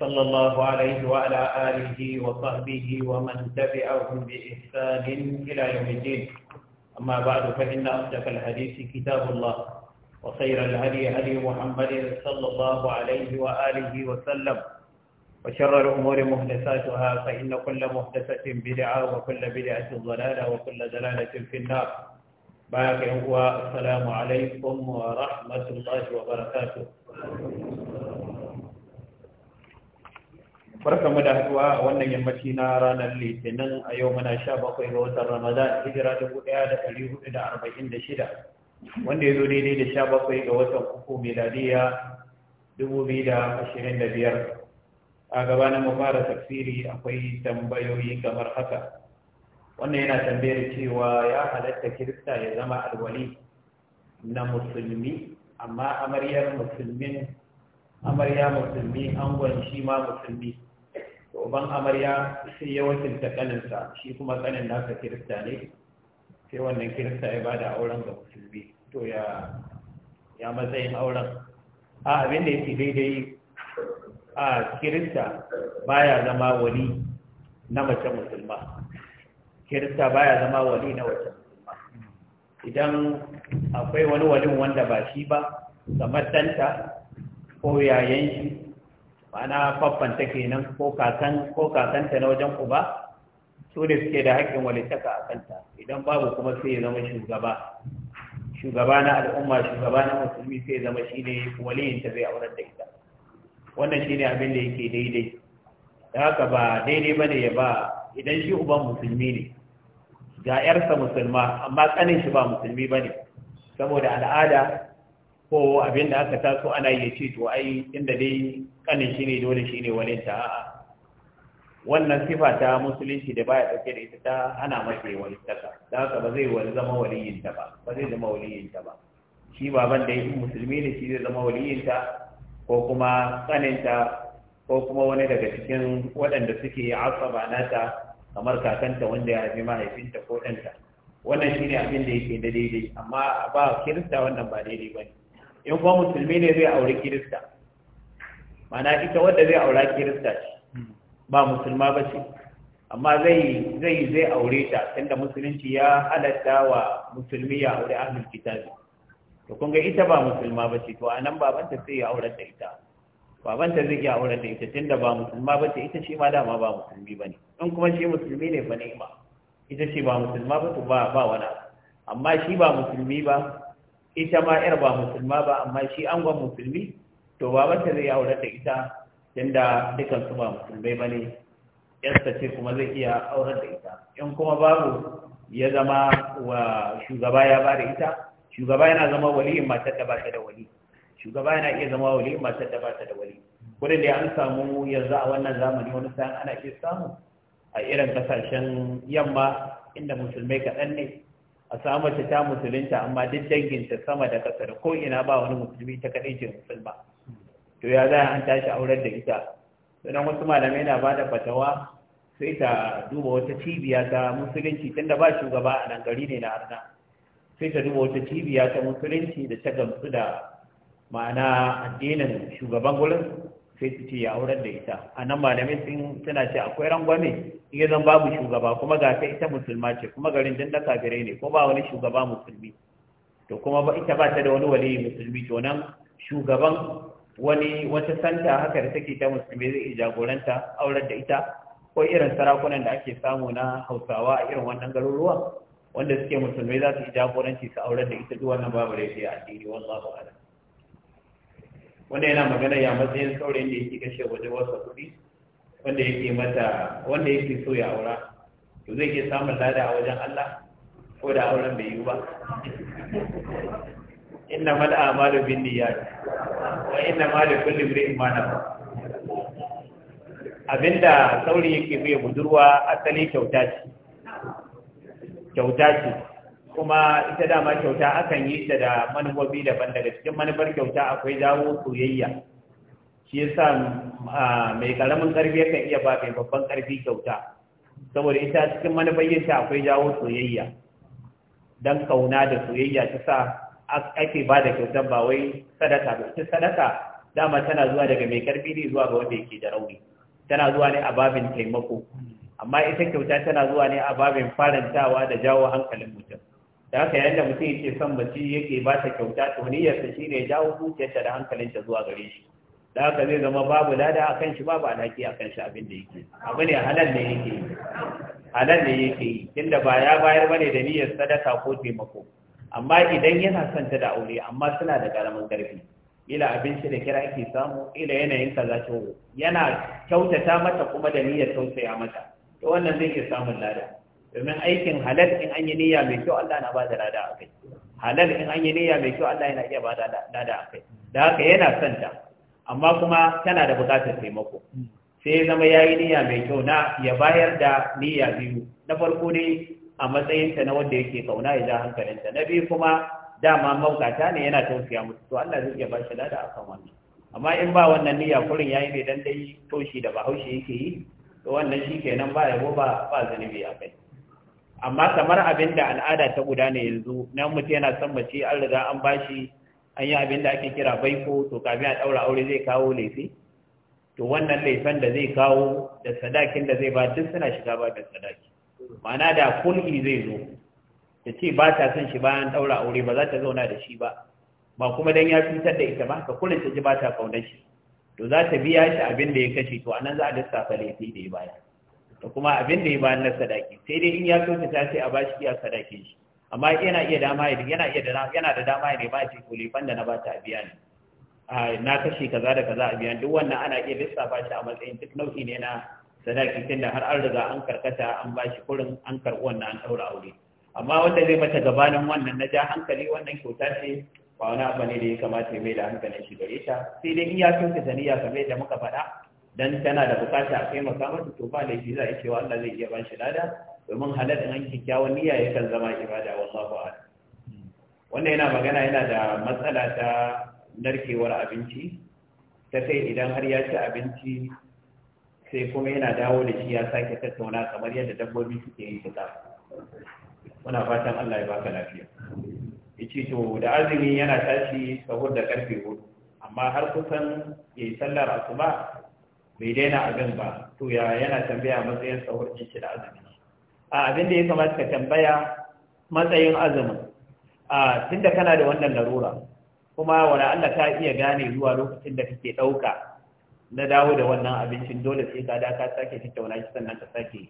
صلى الله عليه وعلى آله وصحبه ومن تبعهم بإحسان إلى يوم الدين أما بعد فإن أصدق الحديث كتاب الله وخير الهدي هدي محمد صلى الله عليه وآله وسلم وشر الأمور محدثاتها فإن كل محدثة بدعة وكل بدعة ضلالة وكل ضلالة في النار باقي هو السلام عليكم ورحمة الله وبركاته barkamu da haɗuwa, a wannan yammaci na ranar litinin a yau muna sha bakwai ga watan ramadan hijira dubu ɗaya da ɗari hudu da arba'in da shida wanda ya zo daidai da sha bakwai ga watan uku miladiya dubu biyu da ashirin da biyar a gabanin mu fara tafsiri akwai tambayoyi kamar haka wannan yana tambayar cewa ya halatta kirista ya zama alwali na musulmi amma amaryar musulmin amarya musulmi angon shi ma musulmi uban amarya sai ya wakilta kaninsa shi kuma kanin nasa kirista ne sai wannan kirista ya bada auren ga musulmi to ya ya matsayin auren a abin da yake daidai a kirista baya zama wali na mace musulma kirista baya zama wali na mace musulma idan akwai wani walin wanda ba shi ba kamar danta ko yayen shi ma'ana faffanta kenan ko kakan ko kakanta na wajen uba su da suke da haƙƙin walittaka a kanta idan babu kuma sai ya zama shugaba shugaba na al'umma shugaba na musulmi sai ya zama shine waliyin ta zai aurar da ita wannan shine abin da yake daidai da haka ba daidai bane ya ba idan shi uban musulmi ne ga yarsa musulma amma kanin shi ba musulmi bane saboda al'ada ko abin da aka taso ana yi ce to ai inda dai kanin shi ne dole shi ne wani ta a'a wannan sifa ta musulunci da baya ɗauke da ita ta hana mace yi wani taka da haka ba zai wani zama waliyin ta ba ba zai zama waliyin ta ba shi baban da yin musulmi ne shi zai zama waliyin ta ko kuma ta ko kuma wani daga cikin waɗanda suke asaba nata kamar kakanta wanda ya fi mahaifinta ko ɗanta wannan shine abin da yake da daidai amma ba kirista wannan ba daidai ba ne in kuma musulmi ne zai aure kirista mana ita wadda zai aura kirista ce ba musulma ba ce amma zai zai zai aure ta tunda musulunci ya halatta wa musulmi ya aure ahlul kitabi to kun ga ita ba musulma ba ce to anan babanta sai ya aure da ita babanta zai ya aure da ita tunda ba musulma ba ce ita shi ma dama ba musulmi ba ne in kuma shi musulmi ne ba ne ita ce ba musulma ba to ba ba wani amma shi ba musulmi ba ita ma yar ba musulma ba amma shi angon musulmi to babanta zai aure da ita tunda dukan su ba musulmai bane yarsa ce kuma zai iya aure da ita in kuma babu ya zama wa shugaba ya ba da ita shugaba yana zama waliyin matar da ba ta da wali shugaba yana iya zama waliyin matar da ba ta da wali wurin da an samu yanzu a wannan zamani wani sa'an ana iya samu a irin kasashen yamma inda musulmai kaɗan ne a samu mace ta musulunta amma duk danginta sama da kasar ko ina ba wani musulmi ta kaɗai ce musulma to ya za an tashi aurar da ita sannan wasu malamai na ba da fatawa sai ta duba wata cibiya ta musulunci tunda ba shugaba a nan gari ne na arna sai ta duba wata cibiya ta musulunci da ta gamsu da ma'ana addinin shugaban gurin sai su ce ya aurar da ita a nan malamai sun suna ce akwai rangwame iya zan babu shugaba kuma ga ta ita musulma ce kuma garin dinda kafirai ne ko ba wani shugaba musulmi to kuma ba ita ba ta da wani waliyi musulmi to nan shugaban wani wata santa haka da take ta musulmi zai iya jagoranta aurar da ita ko irin sarakunan da ake samu na hausawa a irin wannan garuruwa wanda suke musulmai za su iya jagoranci su aurar da ita duk wannan babu rai a addini wallahu a'lam wanda yana magana ya matsayin saurayin da yake kashe waje wasa kuɗi wanda yake mata wanda yake so ya aura to zai ke samun lada a wajen Allah ko da auren bai yi ba inna mal a'malu bin niyyat wa inna ma li kulli imrin ma nawa abinda saurayi yake bai budurwa asali kyauta ce kyauta ce kuma ita dama kyauta akan yi ta da manubobi daban daga cikin manufar kyauta akwai jawo soyayya shi yasa mai karamin karfi yakan iya ba mai babban karfi kyauta saboda ita cikin manufar yin ta akwai jawo soyayya dan kauna da soyayya ta sa ake ba da kyauta ba wai sadaka ba ita sadaka dama tana zuwa daga mai karfi ne zuwa ga wanda yake da rauni tana zuwa ne a babin taimako amma ita kyauta tana zuwa ne a babin farantawa da jawo hankalin mutum da haka yayin da mutum yake son bacci yake ba ta kyauta to niyyarsa shi ne jawo zuciyarta da hankalinta zuwa gare shi da haka zai zama babu lada kan shi babu alhaki kan shi abin da yake abu ne halal ne yake yi halal ne yake yi tunda ba ya bayar bane da niyyar sadaka ko taimako amma idan yana son ta da aure amma suna da karamin karfi ila abinci da kira ake samu ila yanayin kaza ta yana kyautata mata kuma da niyyar tausaya mata to wannan zai iya samun lada domin aikin halal in an yi niyya mai kyau Allah na ba da lada a kai halal in an yi niyya mai kyau Allah yana iya ba da lada a kai da haka yana son ta amma kuma tana da buƙatar taimako sai zama ya yi niyya mai kyau na ya bayar da niyya biyu na farko ne a matsayinta na wanda yake kauna ya ja hankalinta na biyu kuma dama maukata ne yana tausaya musu to Allah zai iya ba shi lada akan wannan amma in ba wannan niyya kurin yayi yi dan dai toshi da bahaushe yake yi to wannan shikenan ba yabo ba ba zanibi a kai amma kamar abin da al'ada ta gudana yanzu nan mutum yana son mace an riga an bashi an yi abin da ake kira baiko to kafin a ɗaura aure zai kawo laifi to wannan laifin da zai kawo da sadakin da zai ba duk suna shiga ba da sadaki ma'ana da kulki zai zo ta ce ba ta son shi bayan ɗaura aure ba za ta zauna da shi ba ba kuma dan ya cutar da ita ba ka kullum ta ji ba ta kaunar shi to za ta biya shi abin da ya kashe to anan za a lissafa laifi da ya bayar da kuma abin da ya ba na sadaki sai dai in ya so ta sai a bashi iya sadakin shi amma yana iya dama ya yana iya da yana da dama ya nema shi ce kulifan da na ba ta a biya ne na kashe kaza da kaza a biyan duk wannan ana iya lissafa shi a matsayin duk nau'i ne na sadaki tunda har an riga an karkata an bashi kurin an karɓi wannan an ɗaura aure amma wanda zai mata gabanin wannan na ja hankali wannan kyauta ce ba wani abu ne da ya kamata ya mai da hankalin shi gare ta sai dai in ya kyauta ta niyya kamar yadda muka faɗa dan tana da bukata a taimaka mata to ba laifi za a cewa Allah zai iya ban shi lada domin halal din an kyakkyawan niyya yakan zama ibada wallahu a'lam wannan yana magana yana da matsala ta narkewar abinci ta kai idan har ya ci abinci sai kuma yana dawo da shi ya sake tattauna kamar yadda dabbobi suke yin fita muna fatan Allah ya baka lafiya yace to da azumi yana tashi sahur da karfe hudu amma har kusan yayi sallar asuba bai daina abin ba to ya yana tambaya matsayin sahur ɗin da azumi a abin da ya kamata ka tambaya matsayin azumin a tunda kana da wannan larura kuma wani Allah ta iya gane zuwa lokacin da kake ɗauka na dawo da wannan abincin dole sai ka da ka sake tattauna shi sannan ka sake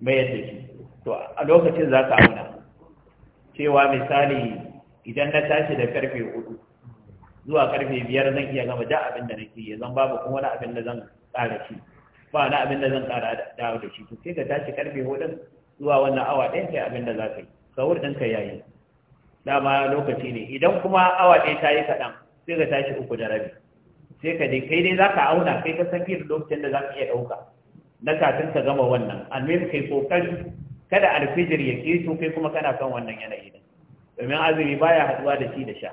mayar da shi to a lokacin za ka auna cewa misali idan na tashi da karfe hudu zuwa karfe biyar zan iya gama da abin da nake ya zan babu kuma wani abin da zan ƙara shi ba na abin da zan ƙara dawo da shi to sai ka tashi karfe hudun zuwa wannan awa ɗaya kai abin da za ka yi sahur ɗin ka yayi dama lokaci ne idan kuma awa ɗaya ta yi kaɗan sai ka tashi uku da rabi sai ka dai kai dai za ka auna kai ka san irin lokacin da za ka iya ɗauka na kafin ka gama wannan almin kai kokari kada alfijir ya keto kai kuma kana kan wannan yanayi ne domin azumi baya haɗuwa da shi da sha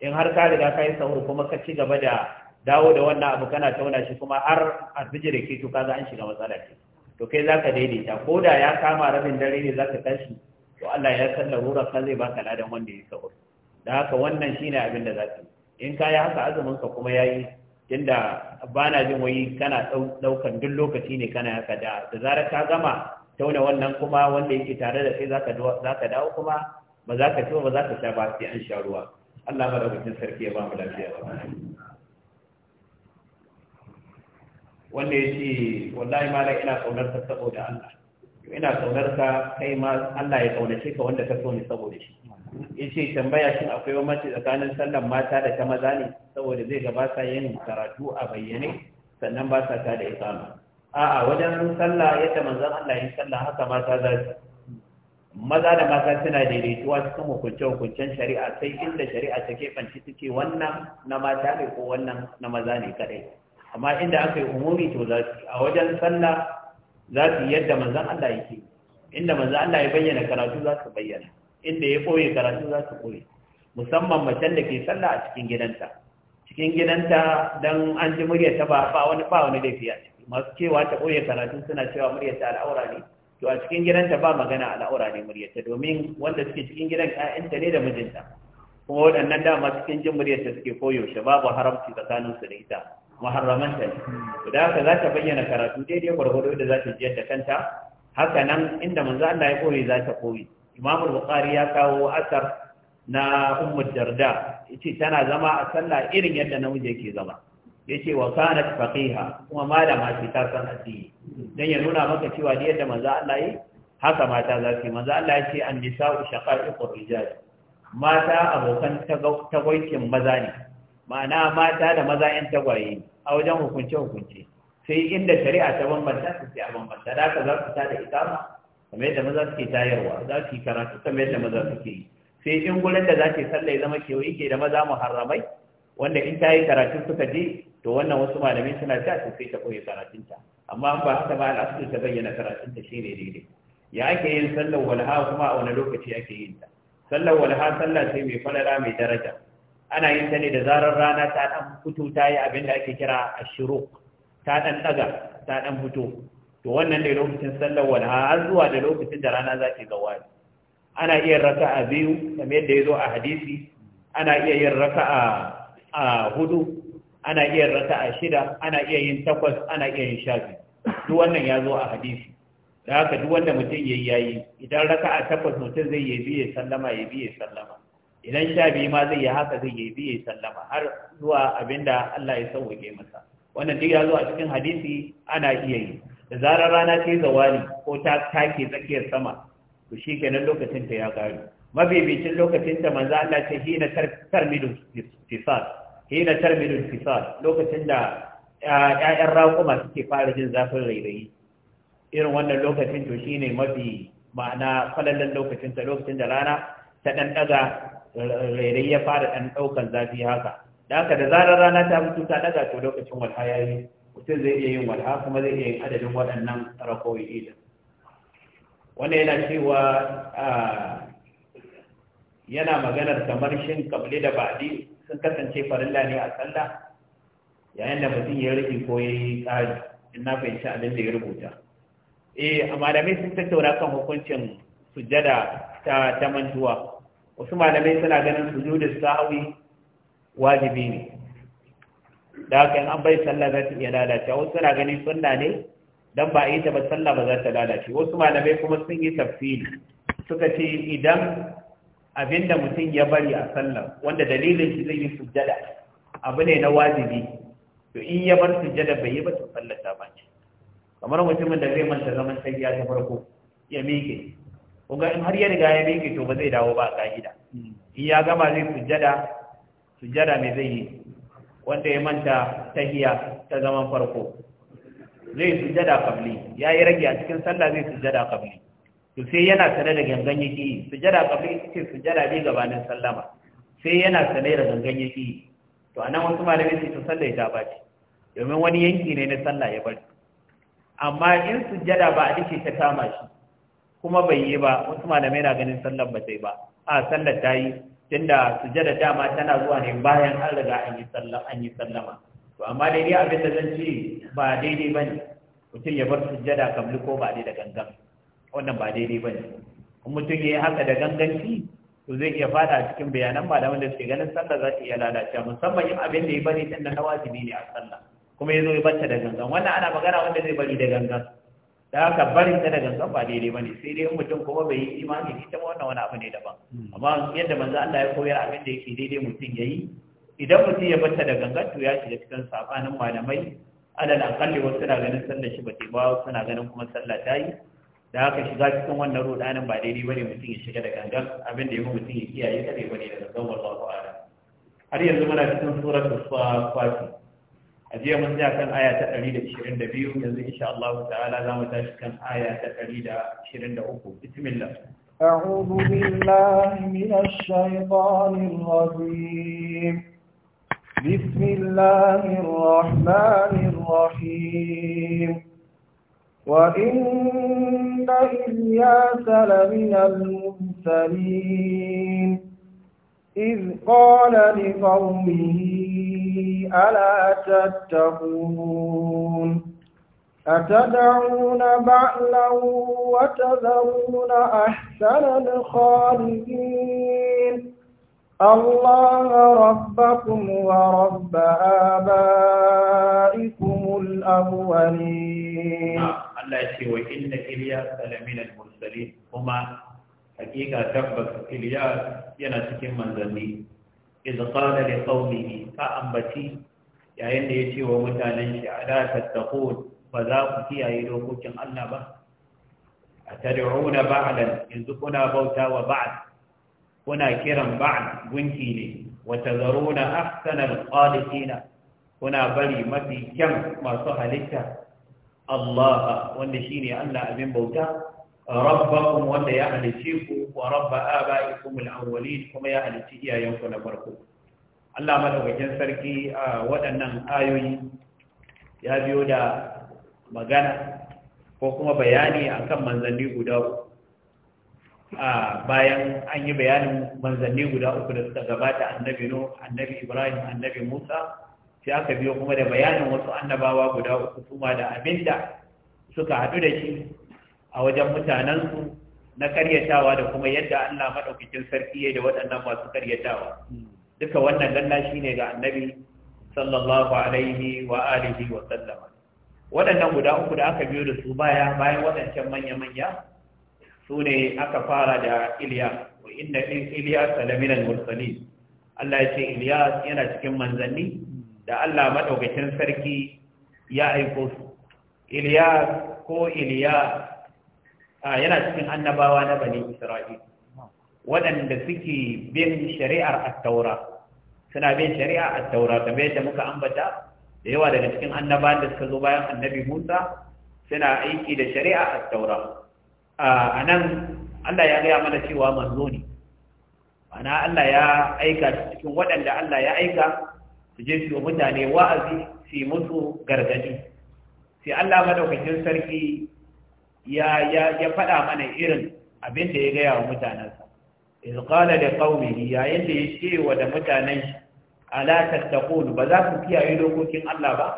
in har ka riga ka yi sahur kuma ka ci gaba da dawo da wannan abu kana tauna shi kuma har a bijire ke to kaza an shiga matsala ce to kai zaka daidaita ko da ya kama rabin dare ne zaka tashi to Allah ya san kan zai baka ladan wanda ya sahur da haka wannan shine abin da zaka yi in ka yi haka azumin ka kuma yayi tunda bana jin wai kana daukan duk lokaci ne kana haka da da zarar ka gama tauna wannan kuma wanda yake tare da kai zaka zaka dawo kuma ba za ci ba zaka sha ba sai an sha ruwa Allah madaukakin sarki ya ba mu lafiya ba wanda ya ce wallahi ma ina saunar ka saboda Allah ina saunar ka kai ma Allah ya saunace ka wanda ka so saboda shi yace tambaya shin akwai bambanci tsakanin sallan mata da ta maza ne saboda zai gaba sa yin karatu a bayyane sannan ba sa ta da isama a'a wajen sallah yadda manzon Allah ya sallah haka mata za su maza da mata suna daidaituwa cikin hukunce-hukuncen shari'a sai inda shari'a ta kefanci suke wannan na mata ne ko wannan na maza ne kadai amma inda aka yi umuri to za su a wajen sallah za su yi yadda manzan Allah yake inda manzan Allah ya bayyana karatu za su bayyana inda ya koye karatu za su koye musamman macen da ke sallah a cikin gidanta cikin gidanta don an ji murya ta ba ba wani ba wani laifi a ciki masu cewa ta koye karatu suna cewa murya ta al'aura ne to a cikin gidanta ba magana al'aura ne murya ta domin wanda suke cikin gidan ƴaƴanta ne da mijinta kuma waɗannan dama cikin jin muryarta suke koyaushe babu haramci tsakaninsu da ita muharramanta ne da haka za ta bayyana karatu daidai gwargwado da za ta jiyar da kanta haka nan inda manzo Allah ya koyi za ta koyi imam bukhari ya kawo asar na ummu darda yace tana zama a sallah irin yadda namiji yake zama yace wa kanat faqiha kuma malama ce ta san addini dan ya nuna maka cewa da yadda manzo Allah yi haka mata za su yi manzo Allah ya ce an nisa'u shaqa'iqur rijal mata abokan tagwaikin maza ne ma'ana mata da maza yan tagwaye a wajen hukunce hukunce sai inda shari'a ta bambanta su sai a bambanta da haka za su ta da ma kamar yadda maza suke tayarwa za su yi karatu kamar yadda maza suke yi sai in gurin da za ke yi ya zama kewaye ke da maza muharramai wanda in ta yi karatun suka je to wannan wasu malamai suna ta su sai ta koyi karatunta amma an ba haka ba al'asu ta bayyana karatunta shi ne daidai ya ake yin sallar walha kuma a wani lokaci ake yin ta sallar walha sallah sai mai falala mai daraja ana yin ta ne da zarar rana ta dan fito ta yi abin da ake kira ashruq ta dan daga ta dan fito to wannan ne lokacin sallar wani har zuwa da lokacin da rana za ta gawa ana iya raka'a biyu kamar yadda ya zo a hadisi ana iya yin raka'a a hudu ana iya raka'a shida ana iya yin takwas ana iya yin shafi duk wannan ya zo a hadisi da haka duk wanda mutum yayi yayi idan raka'a takwas mutum zai yi biye sallama ya biye sallama idan sha biyu ma zai yi haka zai yi biye sallama har zuwa abinda Allah ya sauwake masa wannan duk ya zo a cikin hadisi ana iya yi da zarar rana ta yi zawali ko ta take tsakiyar sama to shi kenan lokacin ta ya gari mabibicin lokacin ta manzo Allah ce hina tarmidul fisal na lokacin da ƴaƴan raƙuma suke fara jin zafin rairayi irin wannan lokacin to shine mafi ma'ana falallan lokacin ta lokacin da rana ta ɗanɗaga. rairai ya fara ɗan ɗaukar zafi haka da aka da zarar rana ta mutu ta daga to lokacin walha ya yi mutum zai iya yin walha kuma zai iya yin adadin waɗannan rakowi ila wanda yana cewa yana maganar kamar shin kabli da baɗi sun kasance farilla ne a sallah yayin da mutum ya rufe ko ya yi tsari in na fahimci abin da ya rubuta eh malamai sun tattauna kan hukuncin sujjada ta ta mantuwa wasu malamai suna ganin sujudu sahwi wajibi ne da haka in an bai sallah za ta iya lalace wasu suna ganin sunna ne dan ba a yi ta ba sallah ba za ta lalace wasu malamai kuma sun yi tafsiri suka ce idan abinda mutum ya bari a sallah wanda dalilin shi zai yi sujjada abu ne na wajibi to in ya bar sujjada bai yi ba to sallah ta bace kamar mutumin da zai manta zaman tafiya ta farko ya mike kuga in har ya riga ya miƙe to ba zai dawo ba a ka'ida in ya gama zai sujjada sujjada mai zai yi wanda ya manta tahiya ta zaman farko zai sujjada kabli ya yi rage a cikin sallah zai sujjada kabli to sai yana sane da gangan yake sujjada kabli ita ce sujjada ne gabanin sallama sai yana sane da gangan yake to anan wasu malamai su ta sallah ta bace domin wani yanki ne na sallah ya bari amma in sujjada ba a dace ta kama shi kuma bai yi ba wasu malamai na ganin sallar ba sai ba a sallar ta yi tunda sujada dama tana zuwa ne bayan an riga an yi sallar an yi sallama to amma dai ni abin da zan ce ba daidai bane mutum ya bar sujada kamli ko ba da gangan wannan ba daidai bane kuma mutum ya yi haka da ganganci to zai iya fada cikin bayanan malamin da suke ganin sallar za ta iya lalacewa musamman yin abin da ya bari tunda na wajibi ne a sallah kuma ya zo ya bata da gangan wannan ana magana wanda zai bari da gangan da haka barin ta da gangan ba daidai ba ne, sai dai mutum kuma bai yi imani da ita wannan wani abu ne daban amma yadda manzo Allah ya koyar abin da yake daidai mutum yayi idan mutum ya bata da gangan to ya shiga cikin sabanin malamai alal akalli wasu na ganin sallar shi bata ba suna ganin kuma sallah ta yi da haka shiga cikin wannan rudanin ba daidai bane mutum ya shiga da gangan abin da ya mutum ya kiyaye kare bane daga gangan Allah ta'ala har yanzu muna cikin suratul fatiha a jiya mun tsaya kan aya ta 122 yanzu insha Allah ta'ala za mu tashi kan aya ta بسم الله أعوذ بالله من الشيطان الرجيم بسم الله الرحمن الرحيم وإن إلياس لمن المرسلين إذ قال لقومه ألا تتقون أتدعون بعلا وتذرون أحسن الخالدين الله ربكم ورب آبائكم الأولين الله يسوى إن إلياس لمن المرسلين هما حقيقة تبت إلياس ينسكن منزلين iz qala li qaumihi fa ambati yayin da yace wa mutanen shi ala tattaqun fa za ku kiyaye dokokin Allah ba atad'una ba'da in kuna bauta wa ba'd kuna kiran ba'd gunki ne wa tazaruna ahsana al-qalidin kuna bari mafi kyan masu halitta Allah wanda shine Allah abin bauta rabbakum wanda ya halice ku wa rabba abaikum al-awwalin kuma ya halici iyayen ku na farko Allah madaukakin sarki a waɗannan ayoyi ya biyo da magana ko kuma bayani akan manzanni guda a bayan an yi bayanin manzanni guda uku da suka gabata annabi no annabi ibrahim annabi musa sai aka biyo kuma da bayanin wasu annabawa guda uku kuma da abinda suka haɗu da shi a wajen mutanensu na karyatawa da kuma yadda Allah maɗaukakin sarki ya da waɗannan masu karyatawa duka wannan lalla shi ne ga annabi sallallahu alaihi wa alihi wa sallama waɗannan guda uku da aka biyo da su baya bayan waɗancan manya-manya su ne aka fara da Iliya wa inna in Iliya salamin al-mursalin Allah ya ce Iliya yana cikin manzanni da Allah maɗaukakin sarki ya aiko su Iliya ko Iliya yana cikin annabawa na bani Isra'il waɗanda suke bin shari'ar at suna bin shari'a at-taura kamar yadda muka ambata da yawa daga cikin annabawan da suka zo bayan annabi Musa suna aiki da shari'a at a nan Allah ya gaya mana cewa manzo ne ana Allah ya aika cikin waɗanda Allah ya aika su je su mutane wa'azi su musu gargadi sai Allah madaukakin sarki ya ya faɗa mana irin abin da ya gaya wa mutanensa iz qala li yayin da ya ce wa da mutanen shi ala tattaqun ba za ku kiyaye dokokin Allah ba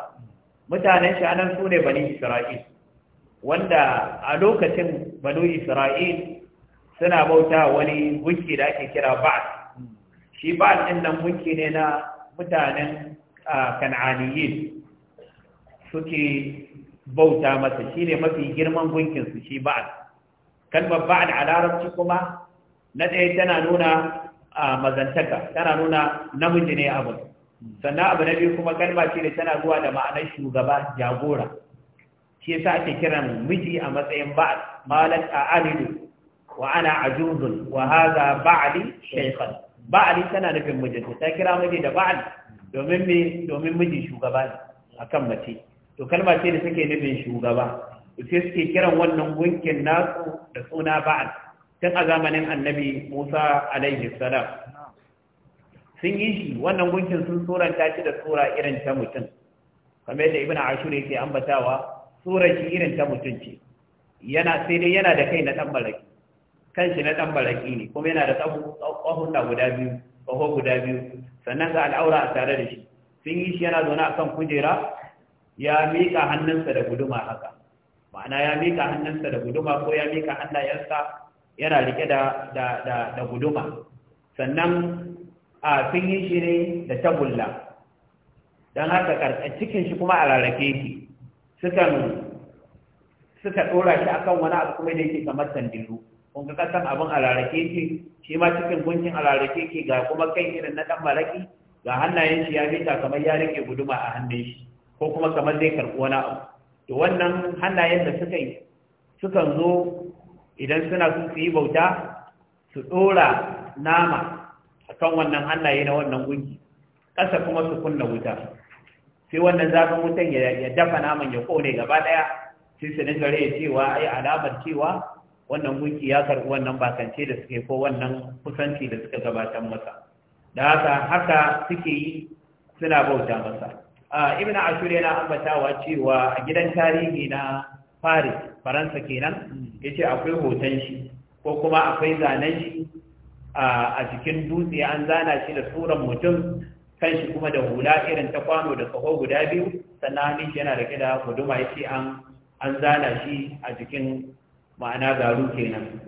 mutanen shi anan sune bani Isra'il wanda a lokacin bani Isra'il suna bauta wani gunki da ake kira Ba'al shi Ba'al din nan gunki ne na mutanen ah, Kan'aniyin suke bauta masa shine mafi girman gunkin su shi ba'ad kalmar ba'ad a larabci kuma na ɗaya tana nuna a mazantaka tana nuna namiji ne abu sannan abu na biyu kuma kalma shi ne tana zuwa da ma'anar shugaba jagora shi yasa ake kiran miji a matsayin ba'ad malan alidu wa ana ajuzun wa haza ba'ali shaykhan ba'ali tana nufin mijinta ta kira miji da ba'ali domin domin miji shugaba ne akan mace to kalma ce da suke nufin shugaba sai suke kiran wannan gunkin nasu da suna ba'al tun a zamanin annabi musa alaihi salam sun yi shi wannan gunkin sun suranta shi da sura irin ta mutum kamar yadda ibn ashur yake ambatawa surar shi irin ta mutum ce yana sai dai yana da kai na dan baraki kanshi na dan baraki ne kuma yana da tsaho guda biyu tsaho guda biyu sannan ga al'aura a tare da shi sun yi shi yana zaune a kan kujera ya mika hannunsa da guduma haka ma'ana ya mika hannunsa da guduma ko ya mika hannayensa yana rike da da guduma sannan a sun yi shi ne da tagulla don haka karkar cikin shi kuma a rarrake shi sukan suka ɗora shi akan wani abu kuma da yake kamar sandiru kun ga kasan abin a rarrake shi shi ma cikin gunkin a rarrake ke ga kuma kai irin na ɗan maraki ga hannayen shi ya miƙa kamar ya rike guduma a hannun shi ko kuma kamar zai karɓi wani abu to wannan hannayen da suka yi sukan zo idan suna su yi bauta su ɗora nama a kan wannan hannaye na wannan gunki ƙasa kuma su kunna wuta sai wannan zafin wutan ya dafa naman ya kone gaba ɗaya sai su dinga gare cewa ai alamar cewa wannan gunki ya karɓi wannan bakance da suke ko wannan kusanci da suka gabatar masa da haka haka suke yi suna bauta masa Ah, ibn ashur yana ambatawa cewa a gidan tarihi na paris faransa kenan yace akwai hoton shi ko kuma akwai zanen shi a cikin dutse an zana shi da tsoron mutum kan shi kuma da hula irin ta kwano da tsaho guda biyu sannan hannun yana da da guduma ya ce an zana shi a jikin ma'ana garu kenan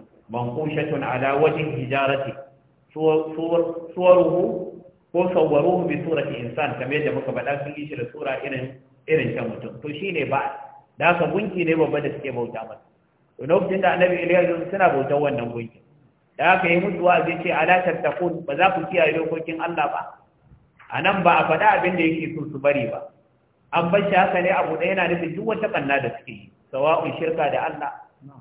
shatun ala wajen hijarati tsoron ko sauwaro bi surati insan kamar yadda muka faɗa sun yi shi da sura irin irin can mutum to shine ba da haka gunki ne babba da suke bauta masa to lokacin da annabi Ilyas suna bautar wannan gunki da haka yi musu wa'azi ce ala tattaqun ba za ku kiyaye dokokin Allah ba anan ba a faɗa abin da yake so su bari ba an bar shi haka ne abu ɗaya yana nufin duk wata banna da suke yi sawa'un shirka da Allah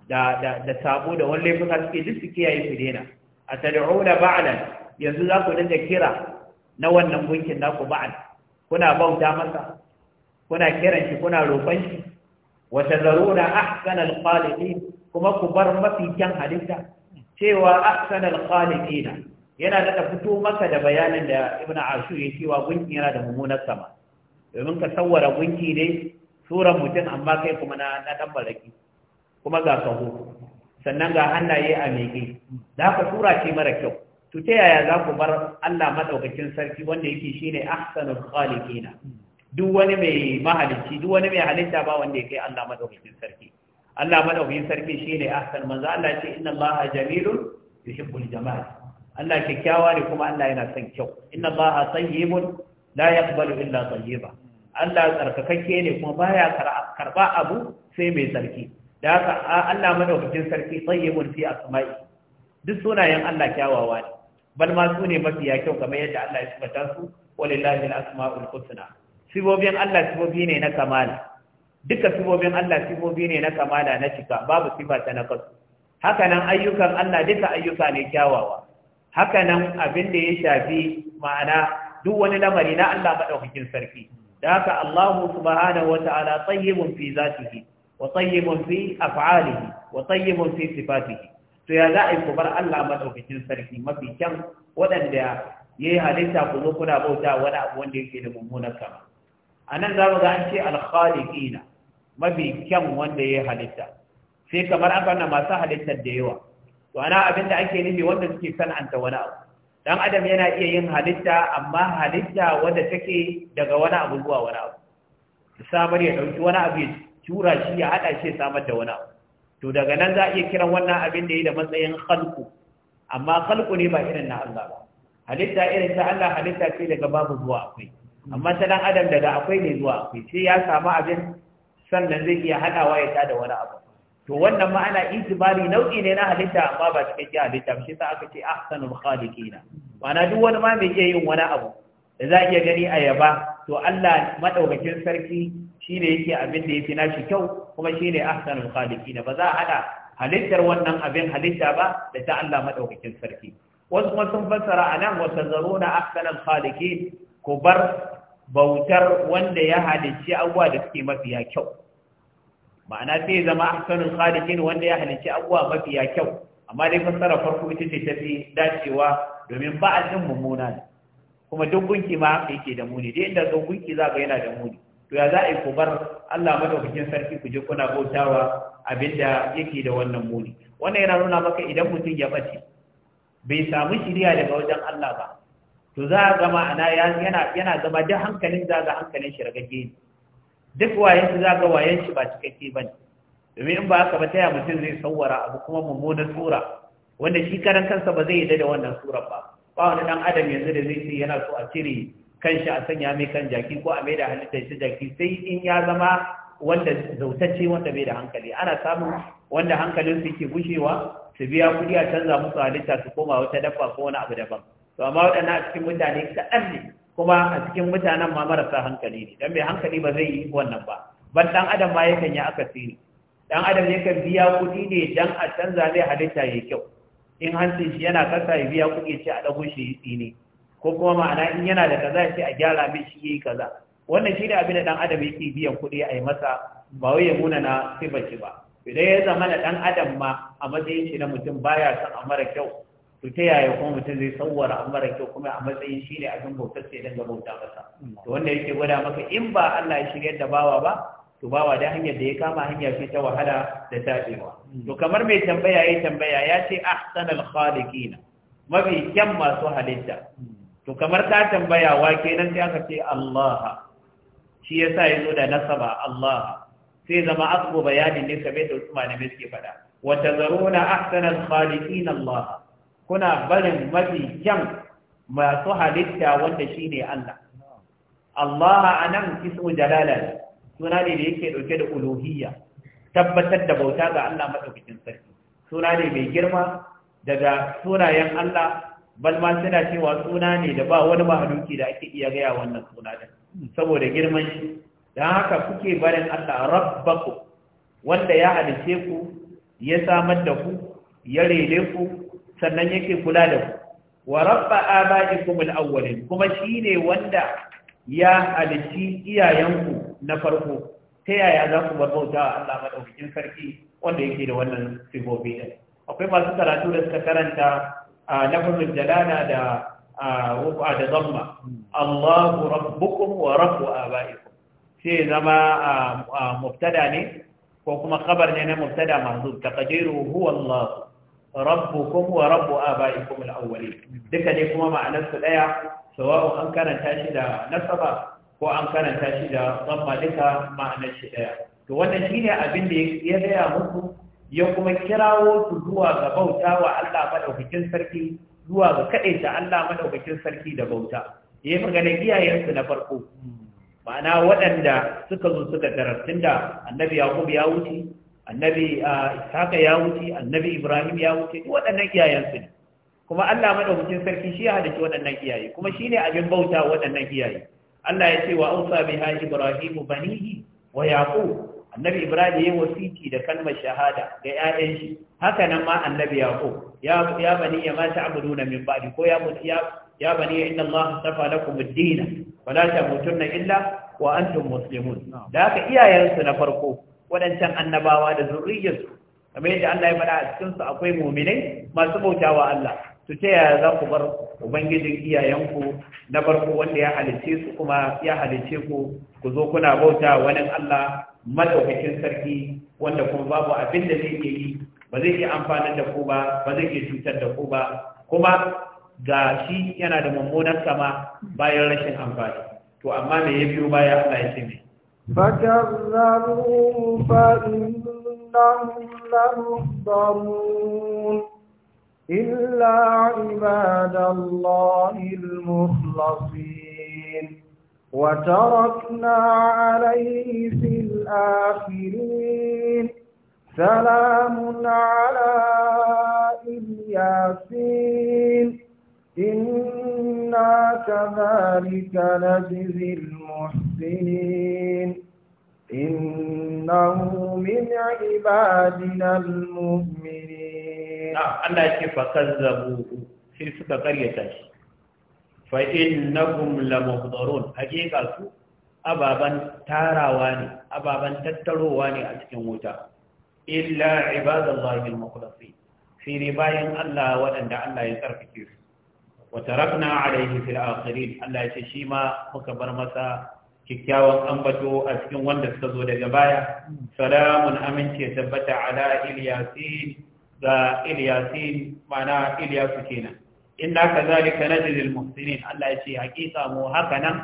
da da da sabo da wani laifuka suke duk su kiyaye su daina a tad'una ba'lan yanzu za ku dinga kira na wannan gunkin naku ba'al kuna bauta masa kuna kiran shi kuna roƙon shi wa tazaruna ahsanal khaliqin kuma ku bar mafi kyan halitta cewa ahsanal khaliqin yana da fito maka da bayanin da ibn ashur ya cewa gunkin yana da mummunar sama domin ka tsawara gunki ne sura mutum amma kai kuma na na dan baraki kuma ga kaho sannan ga hannaye a meke da ka sura ce mara kyau to ta yaya za ku bar Allah madaukakin sarki wanda yake shine ahsanul khaliqina duk wani mai mahalicci duk wani mai halitta ba wanda yake Allah madaukakin sarki Allah madaukakin sarki shi ne ahsan manzo Allah ce inna Allaha jamilun yuhibbul jamal Allah kyakkyawa ne kuma Allah yana son kyau inna Allaha tayyibun la yaqbalu illa tayyiba Allah tsarkakakke ne kuma baya karba abu sai mai sarki da haka Allah madaukakin sarki tayyibun fi asma'i duk sunayen Allah kyawawa ne bal ma su ne mafiya kyau kamar yadda Allah ya sifata su walillahi al-asma'ul husna sibobin Allah sibobi ne na kamala duka sibobin Allah sibobi ne na kamala na cika babu sifa ta na kasu haka nan ayyukan Allah duka ayyuka ne kyawawa haka nan abin da ya shafi ma'ana duk wani lamari na Allah madaukakin sarki da haka Allah subhanahu wata'ala tayyibun fi zatihi wa tayyibun fi af'alihi wa tayyibun fi sifatihi to ya za a yi ku bar Allah madaukakin sarki mafi kyan waɗanda ya yi halitta ku zo kuna bauta wani abu wanda yake da mummunan kama a nan za mu ga an ce alkhaliqina mafi kyan wanda ya yi halitta sai kamar an kana masu halittar da yawa to ana abin da ake nufi wanda suke san'anta wani abu dan adam yana iya yin halitta amma halitta wanda take daga wani abu zuwa wani abu samar ya ɗauki wani abu ya tura shi ya haɗa shi ya samar da wani abu to daga nan za a iya kiran wannan abin da yi da matsayin khalqu amma khalqu ne ba irin na Allah ba halitta irin ta Allah halitta ce daga babu zuwa akwai amma ta dan adam daga akwai ne zuwa akwai sai ya samu abin sannan zai iya hadawa ya tada wani abu to wannan ma'ana ana itibari nau'i ne na halitta amma ba cikakken halitta shi sa aka ce ahsanul khaliqina ma'ana duk wani ma mai iya yin wani abu da za a iya gani a yaba to Allah madaukakin sarki Shi ne yake abin da ya fi nashi kyau kuma shi shine ahsanul khaliqin ba za a hada halittar wannan abin halitta ba da ta Allah madaukakin sarki wasu kuma sun fassara anan wa tazaruna ahsanul khaliqin ku bar bautar wanda ya halicci abuwa da suke mafiya kyau ma'ana sai ya zama ahsanul khaliqin wanda ya halicci abuwa mafiya kyau amma dai fassara farko ita ce ta fi dacewa domin jin mummuna ne kuma duk gunki ma yake da muni dai inda zo gunki za ga yana da muni to ya za a yi ku bar Allah madaukakin sarki ku je kuna bautawa abinda yake da wannan muni wannan yana nuna maka idan mutum ya bace bai samu shiriya daga wajen Allah ba to za a gama ana yana yana zama duk hankalin za ga hankalin shi ragage ne duk wayen shi za ga wayen shi ba cikakke ba ne domin in ba haka ba taya mutum zai sawara abu kuma mummunan sura wanda shi karan kansa ba zai yi da wannan surar ba ba wani dan adam yanzu da zai ce yana so a cire kan shi a sanya mai kan jaki ko a mai da shi jaki sai in ya zama wanda zautacce wanda bai da hankali ana samu wanda hankalin su yake gushewa su biya kuɗi a canza musu halitta su koma wata dafa ko wani abu daban to amma waɗannan a cikin mutane kaɗan ne kuma a cikin mutanen ma marasa hankali ne dan mai hankali ba zai yi wannan ba ban dan adam ma yakan yi akasiri dan adam yakan biya kuɗi ne dan a canza mai halitta ya kyau in hancin shi yana kasa ya biya kuɗi ce a ɗago shi yi tsini ko kuma ma'ana in yana da kaza shi a gyara mai shi yi kaza wannan shi ne abin da dan adam yake biyan kuɗi a yi masa ba wai ya muna na sifaci ba idan ya zama na dan adam ma a matsayin shi na mutum baya son a mara kyau to ta yaya kuma mutum zai sauwara a mara kyau kuma a matsayin shi ne abin bautar sai dan bauta masa to wanda yake gwada maka in ba Allah ya shigar da bawa ba to bawa da hanyar da ya kama hanya ce ta wahala da tabewa to kamar mai tambaya ya tambaya ya ce ahsanal khaliqina mafi kyan masu halitta to kamar ta tambaya wa kenan sai aka ce Allah shi yasa yazo da nasaba Allah sai zama asbu bayani ne game da Usman ne suke faɗa wa tazaruna ahsanal khaliqin Allah kuna barin mafi kyan masu halitta wanda shine Allah Allah anan ismu jalala suna ne da yake dauke da uluhiyya tabbatar da bauta ga Allah madaukakin sarki suna ne mai girma daga sunayen Allah Balma ma suna cewa suna ne da ba wani mahaluki da ake iya gaya wannan suna da saboda girman shi don haka kuke barin Allah rabbaku wanda ya halice ku ya samar da ku ya rene ku sannan yake kula da ku wa rabba abaikum alawwalin kuma shine wanda ya halici iyayenku na farko ta yaya za ku bar bauta wa Allah madaukakin sarki wanda yake da wannan sifofi din akwai masu karatu da suka karanta lafazin jalala da wuka da zamma Allahu rabbukum wa rabbu abaikum sai zama mubtada ne ko kuma khabar ne na mubtada mahdhuf taqdiru huwa Allah rabbukum wa rabbu abaikum al-awwalin duka ne kuma ma'anar su daya sawa'u an karanta shi da nasaba ko an karanta shi da zamma duka ma'anar shi ɗaya. to wannan shine abin da ya gaya muku ya kuma kirawo su zuwa ga bauta wa Allah madaukakin sarki zuwa ga kaɗaita Allah madaukakin sarki da bauta ya yi magana iyayensu na farko ma'ana waɗanda suka zo suka tarattun da annabi yaqub ya wuce annabi Isaka ya wuce annabi ibrahim ya wuce duk waɗannan iyayensu ne kuma Allah madaukakin sarki shi ya hada waɗannan iyaye kuma shine abin bauta waɗannan iyaye Allah ya ce wa ausa biha ibrahim banihi wa yaqub annabi ibrahim ya wasiki da kalmar shahada ga ƴaƴan shi haka nan ma annabi yaqub ya ya bani ya ma ta'buduna min ba'di ko ya ya ya bani inna allaha safa lakum ad-din wa la tamutunna illa wa antum muslimun da haka iyayensu na farko wadancan annabawa da zurriyarsu kamar yadda Allah ya faɗa a cikin su akwai mu'minai masu bautawa Allah su ta yaya za ku bar ubangijin iyayenku na farko wanda ya halice su kuma ya halice ku ku zo kuna bauta wani Allah madaukakin sarki wanda kuma babu abin da zai yi ba zai iya amfanin da ku ba ba zai iya cutar da ku ba kuma ga shi yana da mummunan sama bayan rashin amfani to amma me ya biyo baya Allah ya ce me فكذبوا فإنهم لمحضرون إلا عباد الله المخلصين وتركنا عليه في الآخرين سلام على الياسين إنا كذلك نجزي المحسنين innahu min ibadina almu'minin Allah yake fakazzabu sai suka karyata shi fa innakum lamuhdharun hakika su ababan tarawa ne ababan tattarowa ne a cikin wuta illa ibadallahi almukhlasin fi ribayin Allah wadanda Allah ya tsarkake su wa tarakna alayhi fil akhirin Allah ya ce shi ma muka bar masa kyakkyawan ambato a cikin wanda suka zo daga baya salamun amince tabbata ala ilyasin ga ilyasin mana ilyasu kenan inna kazalika najzil muhsinin Allah ya ce hakika mu haka nan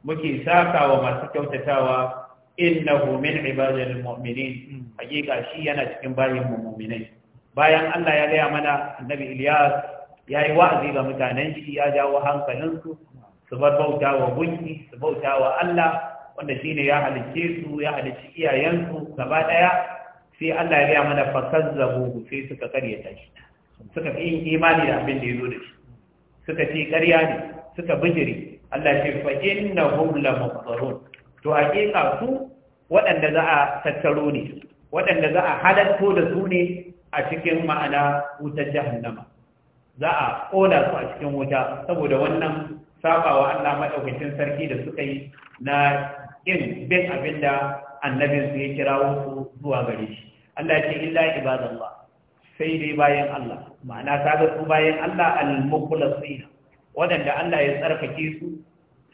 muke sakawa masu kyautatawa innahu min ibadil mu'minin hakika shi yana cikin bayin mu'minai bayan Allah ya gaya mana annabi Ilyas ya yi wa'azi ga mutanen shi ya jawo hankalinsu su bar bauta wa gunki su bauta wa Allah wanda shine ya halicce su ya halicci iyayensu gaba ɗaya, sai Allah ya gaya mana fakazzabu sai suka karyata shi suka fi yin imani da abin da ya zo da shi suka ce karya ne suka bijiri, Allah ce fa innahum la muqtarun to hakika su waɗanda za a tattaro ne waɗanda za a halatto da su ne a cikin ma'ana wutar jahannama za a ƙona su a cikin wuta saboda wannan sabawa Allah madaukakin sarki da suka yi na yin bin abin da annabin su ya kira su zuwa gare shi Allah ya ce illa ibadallah sai dai bayan Allah ma'ana ta ga su bayan Allah al-mukhlasina wadanda Allah ya tsarkake su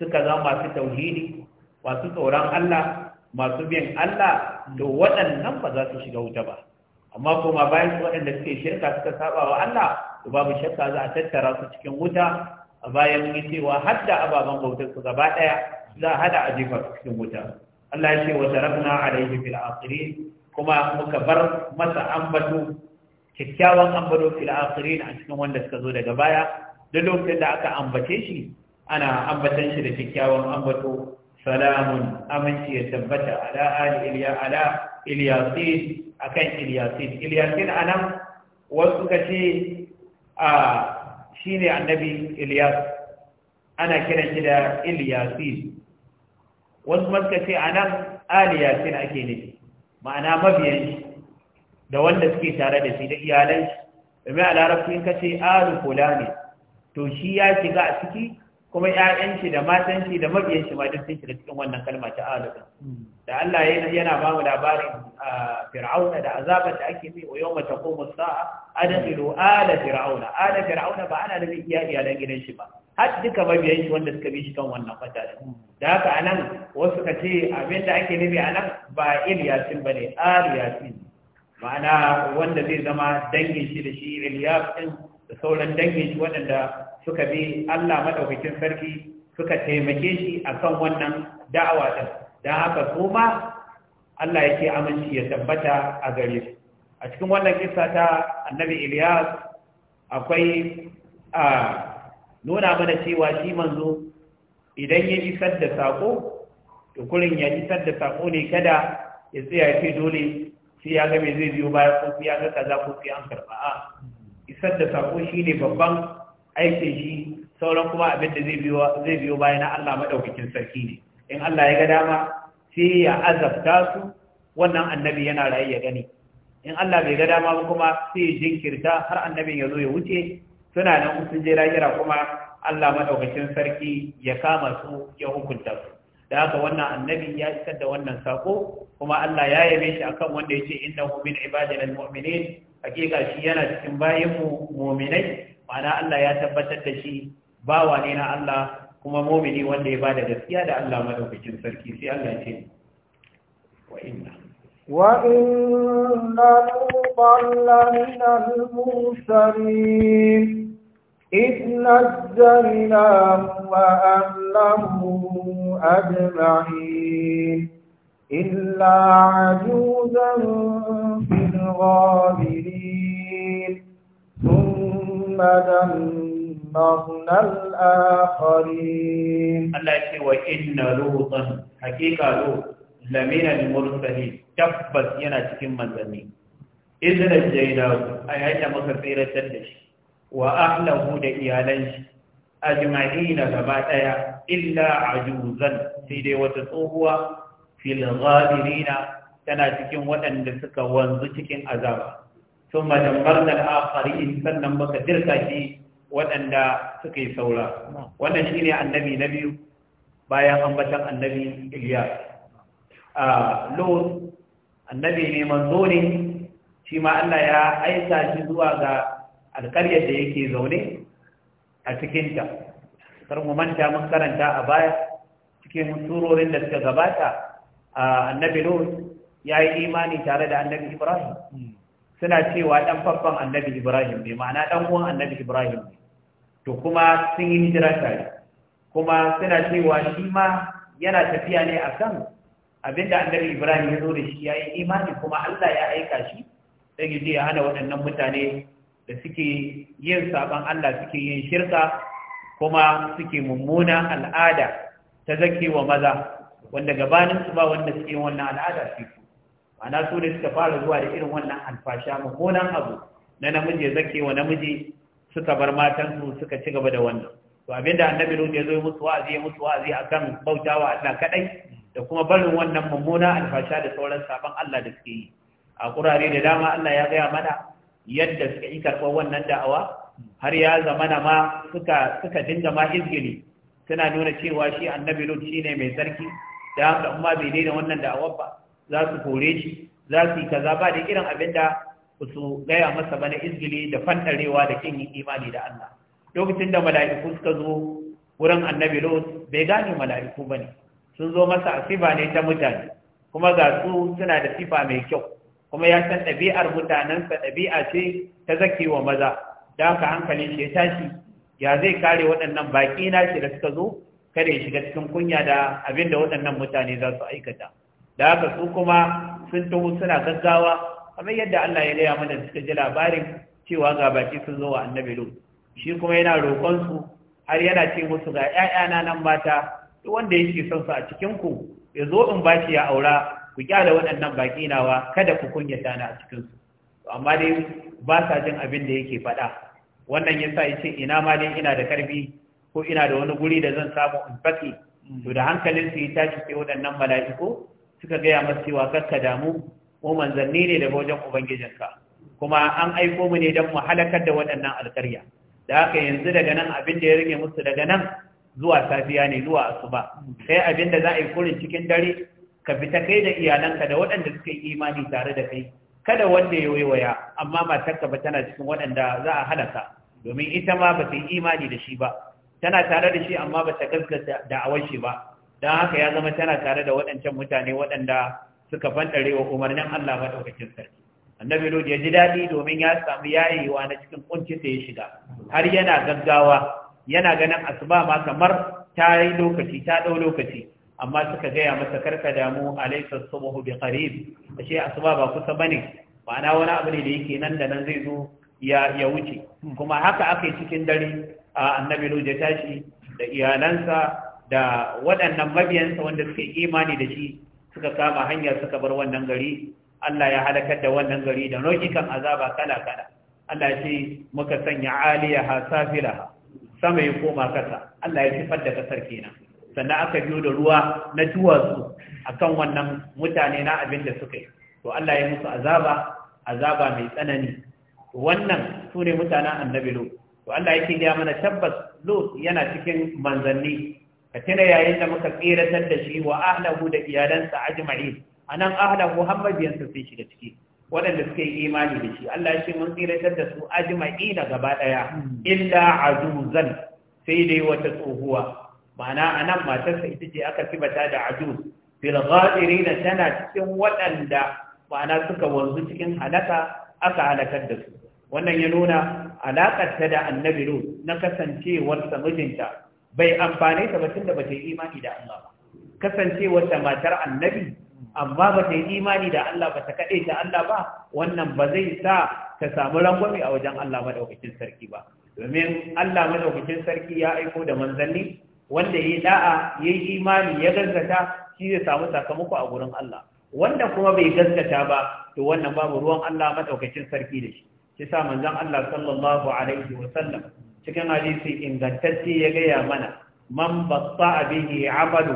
suka zama masu tauhidi masu tsoron Allah masu bin Allah to waɗannan ba za su shiga wuta ba amma kuma bayan su waɗanda suke shirka suka saba wa Allah to babu shakka za a tattara su cikin wuta a bayan mun cewa har ababen bautar su gaba daya za a hada a cikin wuta Allah ya ce wa tarafna alaihi fil akhirin kuma muka bar masa ambato kyakkyawan ambato fil akhirin a cikin wanda suka zo daga baya duk lokacin da aka ambace shi ana ambatan shi da kyakkyawan ambato salamun aminci ya tabbata ala ali iliya ala iliyasin akan iliyasin iliyasin anan wasu kace a ah, shine annabi Ilyas ana kiran shi da Ilyasin wasu maska ce a nan aliyasin ake ne ma'ana mabiyan shi da wanda suke tare da shi da iyalan shi domin a larabci kace ka kula ne to shi ya shiga a ciki kuma 'ya'yanci, da matanci, da mabiyan ma duk sun shiga cikin wannan kalma ta alaka da Allah yana yana ba mu labarin fir'auna da azabar da ake bi wa yawma taqumu saa adkhilu ala fir'auna ala fir'auna ba ana da iya iyalan gidan shi ba har duka mabiyan shi wanda suka bi shi kan wannan fata da haka anan wasu ka ce abin da ake nufi anan ba Ilyasin bane Aliyasin ma'ana wanda zai zama dangin shi da shi Ilyas din da sauran dangin shi waɗanda suka bi Allah madaukakin sarki suka taimake shi akan wannan da'awa ta dan haka kuma Allah yake aminci ya tabbata a gare shi a cikin wannan kissa ta annabi Ilyas akwai a nuna mana cewa shi manzo idan ya isar da sako to kurin ya isar da sako ne kada ya tsaya ya ce dole sai ya ga me zai biyo baya ko ya ga kaza ko sai an karba a isar da sako shine babban aikin shi sauran kuma abin da zai biyo bayan Allah maɗaukakin sarki ne in Allah ya ga dama sai ya azabta su wannan annabi yana rayu ya gani in Allah bai ga dama ba kuma sai ya jinkirta har annabin ya zo ya wuce suna nan sun je rahira kuma Allah maɗaukakin sarki ya kama su ya hukunta su da haka wannan annabi ya isar da wannan sako kuma Allah ya yabe shi akan wanda ya ce innahu min ibadina mu'minin hakika shi yana cikin bayan mu mu'minai ma'ana Allah ya tabbatar da shi bawa ne na Allah kuma mumini wanda ya bada gaskiya da Allah madaukakin sarki sai Allah ya ce wa inna wa inna qalla min al إذ نجيناه وأهله أجمعين إلا عجوزا في ثم دمرنا الآخرين الله يقول وإن لوطا حقيقة لوط لمن المرسلين تبت ينا تكم منزلين إذن الجيلاب أي هيا مكفيرة تدش وأهله لإيالنش أجمعين لباتايا إلا عجوزا سيدي وتصوهوا في الغابرين تنا تكم وأن لسك وانزو تكم أزابا sun madambar da akari sannan baka jirka shi waɗanda suka yi saura wannan shi ne annabi na biyu bayan ambatan annabi iliya a lot annabi ne manzo ne shi ma allah ya aisa shi zuwa ga alkaryar da yake zaune a cikinta kar mu manta mun karanta a baya cikin surorin da suka gabata annabi lot ya yi imani tare da annabi ibrahim suna cewa ɗan faffan annabi Ibrahim ne ma'ana dan uwan annabi Ibrahim ne to kuma sun yi hijira tare kuma suna cewa shi ma yana tafiya ne a akan abinda annabi Ibrahim ya zo da shi ya yi imani kuma Allah ya aika shi sai ya hana waɗannan mutane da suke yin sabon Allah suke yin shirka kuma suke mummuna al'ada ta zakewa maza wanda gabanin su ba wanda suke wannan al'ada su ana su ne suka fara zuwa da irin wannan alfasha mummunan abu na namiji ya zake wa namiji suka bar matansu suka ci gaba da wannan to abinda annabi ruhu ya zo musu wa'azi ya musu wa'azi akan bautawa Allah kadai da kuma barin wannan mummunan alfasha da sauran sabon Allah da suke yi a kurare da dama Allah ya gaya mana yadda suka yi karɓar wannan da'awa har ya zamana ma suka suka dinga ma izgili suna nuna cewa shi annabi ruhu shine mai sarki da haka amma bai daina wannan da'awar ba za su kore shi za su yi kaza ba da irin abin da su gaya masa bana izgili da fanɗarewa da kin imani da Allah lokacin da mala'iku suka zo wurin annabi lot bai gane mala'iku bane sun zo masa a sifa ne ta mutane kuma ga su suna da sifa mai kyau kuma ya san ɗabi'ar mutanensa ɗabi'a ce ta zake wa maza da haka hankalin shi ya tashi ya zai kare waɗannan baƙi na shi da suka zo kada ya shiga cikin kunya da abinda waɗannan mutane za su aikata da haka su kuma sun taho suna gaggawa kamar yadda Allah ya gaya mana suka ji labarin cewa ga baki sun zo wa annabi lu shi kuma yana roƙon su har yana ce musu ga ƴaƴana nan mata duk wanda yake son su a cikin ku ya zo in ba shi ya aura ku kyale waɗannan baki nawa kada ku kunya na a cikin su amma dai ba sa jin abin da yake faɗa wannan yasa yace ina ma dai ina da karfi ko ina da wani guri da zan samu in fake to da hankalin su ya tashi sai waɗannan mala'iku suka gaya masa cewa kakka damu mu manzanni ne daga wajen ubangijinka kuma an aiko mu ne don mu halakar da waɗannan alkarya da haka yanzu daga nan abin da ya rage musu daga nan zuwa safiya ne zuwa asuba sai abin da za a yi kurin cikin dare ka fita kai da iyalanka da waɗanda suka yi imani tare da kai kada wanda ya waiwaya amma matarka ba tana cikin waɗanda za a halaka domin ita ma ba ta yi imani da shi ba tana tare da shi amma ba ta gaskata da awon shi ba don haka ya zama tana tare da waɗancan mutane waɗanda suka fantare wa umarnin Allah maɗaukakin sarki annabi lodi ya ji daɗi domin ya samu yayewa na cikin kunci da ya shiga har yana gaggawa yana ganin asuba ma kamar ta yi lokaci ta ɗau lokaci amma suka gaya masa karka damu alaisa subuhu bi qarib ashe asuba ba kusa bane ma'ana wani abu ne da yake nan da nan zai zo ya ya wuce kuma haka aka cikin dare a annabi lodi ya tashi da iyalansa da waɗannan mabiyansa wanda suka yi imani da shi suka kama hanyar suka bar wannan gari Allah ya halakar da wannan gari da nau'ikan azaba kala-kala Allah ya ce muka sanya aliyaha safilaha sama ya koma kasa Allah ya sifar da kasar kenan sannan aka biyo da ruwa na duwatsu akan wannan mutane na abin da suka yi to Allah ya musu azaba azaba mai tsanani wannan su ne mutanen annabi lo to Allah yake gaya mana tabbas lo yana cikin manzanni ka tuna yayin da muka tsiratar da shi wa ahlahu da iyalansa ajma'in anan ahlahu hammabiyansa sai shiga ciki waɗanda suka yi imani da shi Allah shi mun tsiratar da su ajma'ina gaba ɗaya illa azuzan sai dai wata tsohuwa ma'ana anan matarsa ita ce aka kibata da ajuz fil ghadirina tana cikin waɗanda ma'ana suka wanzu cikin halaka aka halakar da su wannan ya nuna alaƙar ta da annabi na kasancewarsa mijinta bai amfane ta ba tunda bata yi imani da Allah ba kasancewar ta matar annabi amma bata yi imani da Allah bata ta ta Allah ba wannan ba zai sa ta samu rangwami a wajen Allah madaukakin sarki ba domin Allah madaukakin sarki ya aiko da manzanni wanda ya da'a ya yi imani ya gaskata shi zai samu sakamako a gurin Allah wanda kuma bai gaskata ba to wannan babu ruwan Allah madaukakin sarki da shi shi sa manzon Allah sallallahu alaihi wa sallam cikin hadisi ingantacce ya gaya mana man batta bihi amalu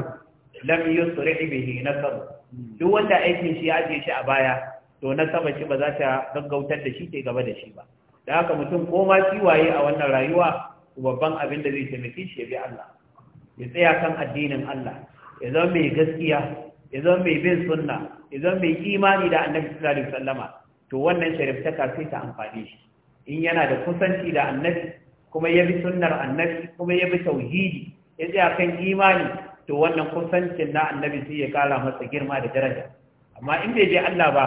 lam yusri bihi nasab duk wanda aikin shi ya ajiye shi a baya to na sama shi ba za ta gaggautar da shi ke gaba da shi ba da haka mutum ko ma waye a wannan rayuwa babban abin da zai taimaki shi ya bi Allah ya tsaya kan addinin Allah ya zama mai gaskiya ya zama mai bin sunna ya zama mai imani da annabi sallallahu alaihi wasallama to wannan sharifta ta sai ta amfani shi in yana da kusanci da annabi kuma ya bi sunnar annabi kuma ya bi tauhidi ya tsaya kan imani to wannan kusancin na annabi sai ya kara masa girma da daraja amma in bai bi Allah ba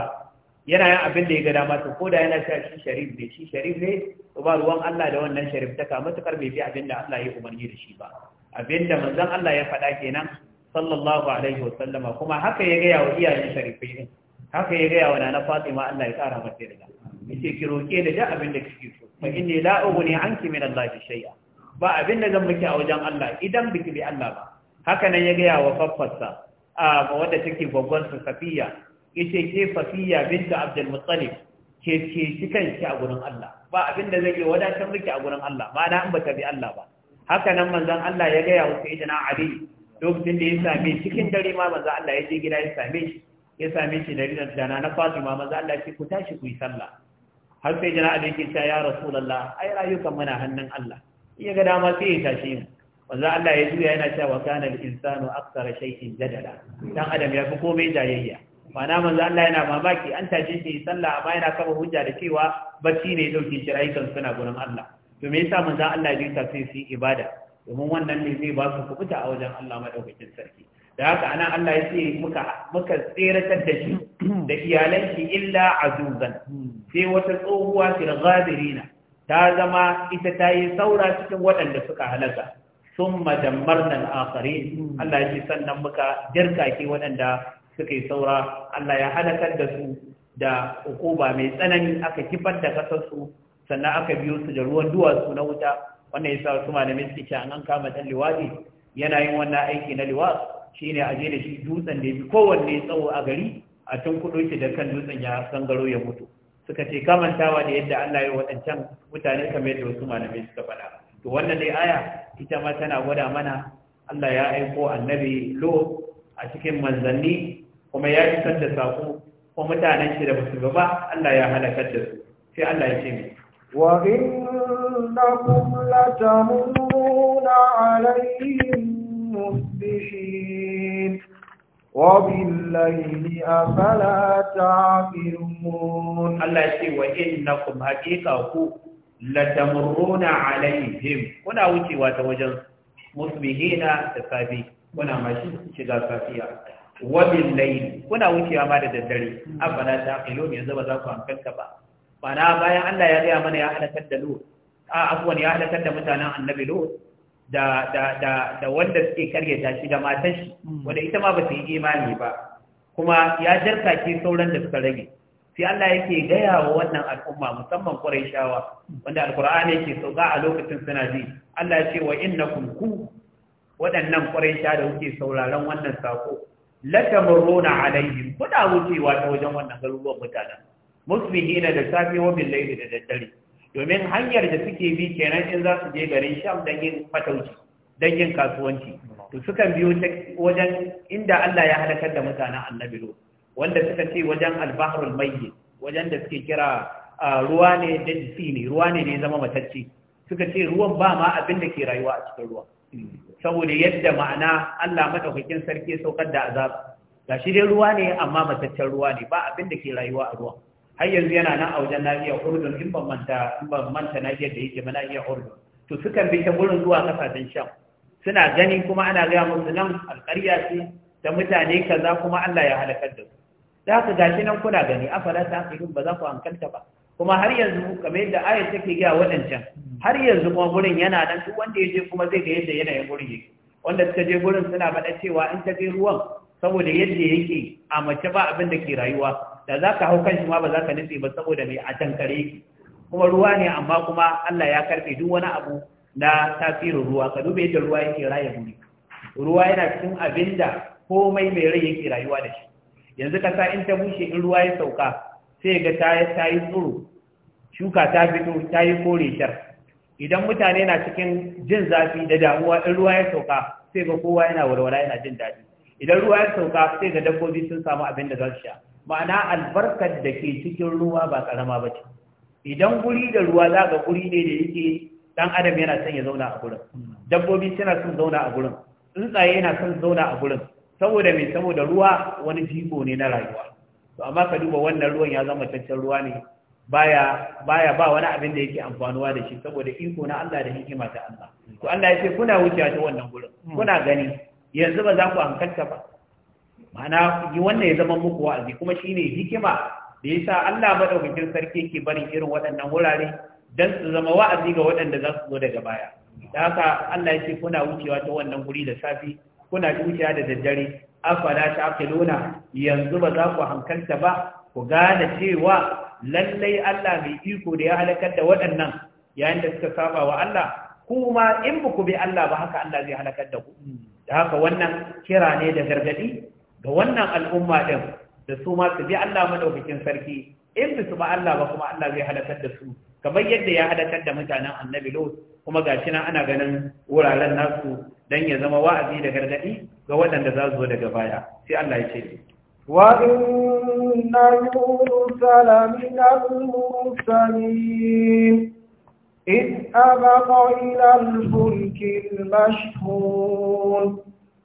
yana yin abin da ya ga dama to ko da yana sha shi sharif ne shi sharif ne to ba ruwan Allah da wannan sharif ta ka matukar bai bi abin da Allah ya umarni da shi ba abin da manzon Allah ya faɗa kenan sallallahu alaihi wasallama kuma haka ya gaya wa iyayen sharifai ne haka ya gaya wa nana Fatima Allah ya kara mata yarda yace ki roke da duk abin da kike so fa inni la ughni anki min Allah shay'a ba abin da zan miki a wajen Allah idan biki bi Allah ba haka nan ya gaya wa faffarsa a wadda take gwaggon sa safiya yace ke safiya binta Abdul Muttalib ke ce shi a gurin Allah ba abin da zai wadatar miki a gurin Allah ma'ana an bata bi Allah ba haka nan manzon Allah ya gaya wa sayyidina Ali lokacin da ya same cikin dare ma manzon Allah ya je gida ya same shi ya same shi da ridan dana na Fatima manzon Allah ya ce ku tashi ku yi sallah har sai jana abin ke ya rasulullah ai rayukan muna hannun Allah iya ga dama sai ya tashi mu wanzu Allah ya juya yana cewa kana al-insanu aktsara shay'in jadala dan adam ya fi komai jayayya mana manzo Allah yana mamaki an tashi shi sallah amma yana kama hujja da cewa bacci ne dauke shi rayukan suna gurin Allah to me yasa manzo Allah ya tafi su ibada domin wannan ne zai ba su kubuta a wajen Allah madaukakin sarki da haka anan Allah ya ce muka muka tseratar da shi da iyalan shi illa azuzan sai wata tsohuwa firgabirina ta zama ita ta yi saura cikin waɗanda suka halaka sun madammar nan akari Allah ya ce sannan muka jirkake waɗanda suka yi saura Allah ya halakar da su da hukuma mai tsanani aka kifar da kasarsu sannan aka biyo su da ruwan duwatsu na wuta wannan ya sa su malamin suke ke an kama dan liwaɗi yana yin wannan aiki na liwaɗi shi ne a je da shi dutsen da ya fi kowanne tsawo a gari a tun kudu shi da kan dutsen ya sangaro ya mutu suka ce kamantawa da yadda Allah ya waɗancan mutane kamar yadda wasu malamai suka faɗa to wannan dai aya ita ma tana gwada mana Allah ya aiko annabi lo a cikin manzanni kuma ya isar da saƙo ko mutanen shi da musulma ba Allah ya halakar da su sai Allah ya ce mai wa innakum latamuna alaihim musbishin وَبِاللَّيْلِ أَفَلَا تَعْقِلُونَ Allah ce wa inna kum haqiqa ku latamurruna alaihim kuna wucewa ta wajen musbihina da safi kuna mashi shiga safiya wa billayl kuna wucewa ma da daddare afala taqilun yanzu ba za ku amfanka ba bana bayan Allah ya gaya mana ya halakar da Lut a afwan ya halakar da mutanen annabi Lut da da da da wanda suke karyata shi da matar shi hmm. wanda ita ma ba ta yi imani ba kuma ya jarka ke sauran da suka rage sai Allah yake gaya wa wannan al'umma musamman Qurayshawa wanda alqur'ani yake sauka a lokacin suna ji Allah ya ce wa innakum ku waɗannan Quraysha da kuke sauraron wannan sako latamurruna alaihim kuna wucewa ta wajen wannan garuruwan mutanen musbihina da safe wa bil da daddare domin hanyar da suke bi kenan in za su je garin sham don yin fatauci don yin kasuwanci to sukan biyo wajen inda Allah ya halakar da mutanen annabi lo wanda suka ce wajen albahrul mayyit wajen da suke kira ruwa ne da jisi ne ruwa ne da ya zama matacce suka ce ruwan ba ma abin da ke rayuwa a cikin ruwa saboda yadda ma'ana Allah madaukakin sarki saukar da azab gashi dai ruwa ne amma mataccen ruwa ne ba abin da ke rayuwa a ruwa har yanzu yana nan a wajen nahiyar urdun in ban manta in ban manta nahiyar da yake ba nahiyar urdun to sukan bi ta gurin zuwa kasashen sham suna gani kuma ana gaya musu nan alƙarya ce ta mutane kaza kuma Allah ya halakar da su da haka gashi nan kuna gani afala ta aqilun ba za ku hankalta ba kuma har yanzu kamar yadda ayat take ga wadancan har yanzu kuma gurin yana nan duk wanda ya je kuma zai ga yadda yanayin gurin yake wanda suka je gurin suna faɗa cewa in ta je ruwan saboda yadda yake a mace ba abin da ke rayuwa da za ka hau kan shi ma ba za ka nutse ba saboda mai a tankare kuma ruwa ne amma kuma Allah ya karfe duk wani abu na tasirin ruwa ka duba yadda ruwa yake raya guri ruwa yana cikin abin da komai mai rai yake rayuwa da shi yanzu ka sa in ta bushe in ruwa ya sauka sai ga ta ta yi tsuru shuka ta fito ta yi kore shar idan mutane na cikin jin zafi da damuwa in ruwa ya sauka sai ga kowa yana walwala yana jin daɗi idan ruwa ya sauka sai ga dabbobi sun samu abin da za su sha ma'ana albarkar da ke cikin ruwa ba karama ba ce idan guri da ruwa za ga guri ne da yake ɗan adam yana son ya zauna a gurin dabbobi suna son zauna a gurin tsuntsaye yana son zauna a gurin saboda mai saboda ruwa wani jigo ne na rayuwa to amma ka duba wannan ruwan ya zama taccen ruwa ne baya baya ba wani abin da yake amfanuwa da shi saboda iko na Allah da hikima ta Allah to Allah ya ce kuna wuce ta wannan gurin kuna gani yanzu ba za ku hankalta ba mana yi wannan ya zama muku wa'azi kuma shine hikima da yasa Allah madaukakin sarki yake barin irin waɗannan wurare dan su zama wa'azi ga waɗanda za su zo daga baya da haka Allah yake kuna wucewa ta wannan guri da safi kuna wucewa da daddare afala ta'qiluna yanzu ba za ku hankalta ba ku gane cewa lallai Allah mai iko da ya halakar da waɗannan yayin da suka saba wa Allah kuma in ba ku bi Allah ba haka Allah zai halakar da ku da haka wannan kira ne da gargadi ga wannan al'umma din da su ma su bi Allah maɗaukakin sarki in su su ba Allah ba kuma Allah zai halakar da su kamar yadda ya halakar da mutanen annabi Lut kuma ga nan ana ganin wuraren nasu dan ya zama wa'azi da gargaɗi ga waɗanda za su zo daga baya sai Allah ya ce وإن يونس لمن المرسلين إذ أبق إلى الفلك المشحون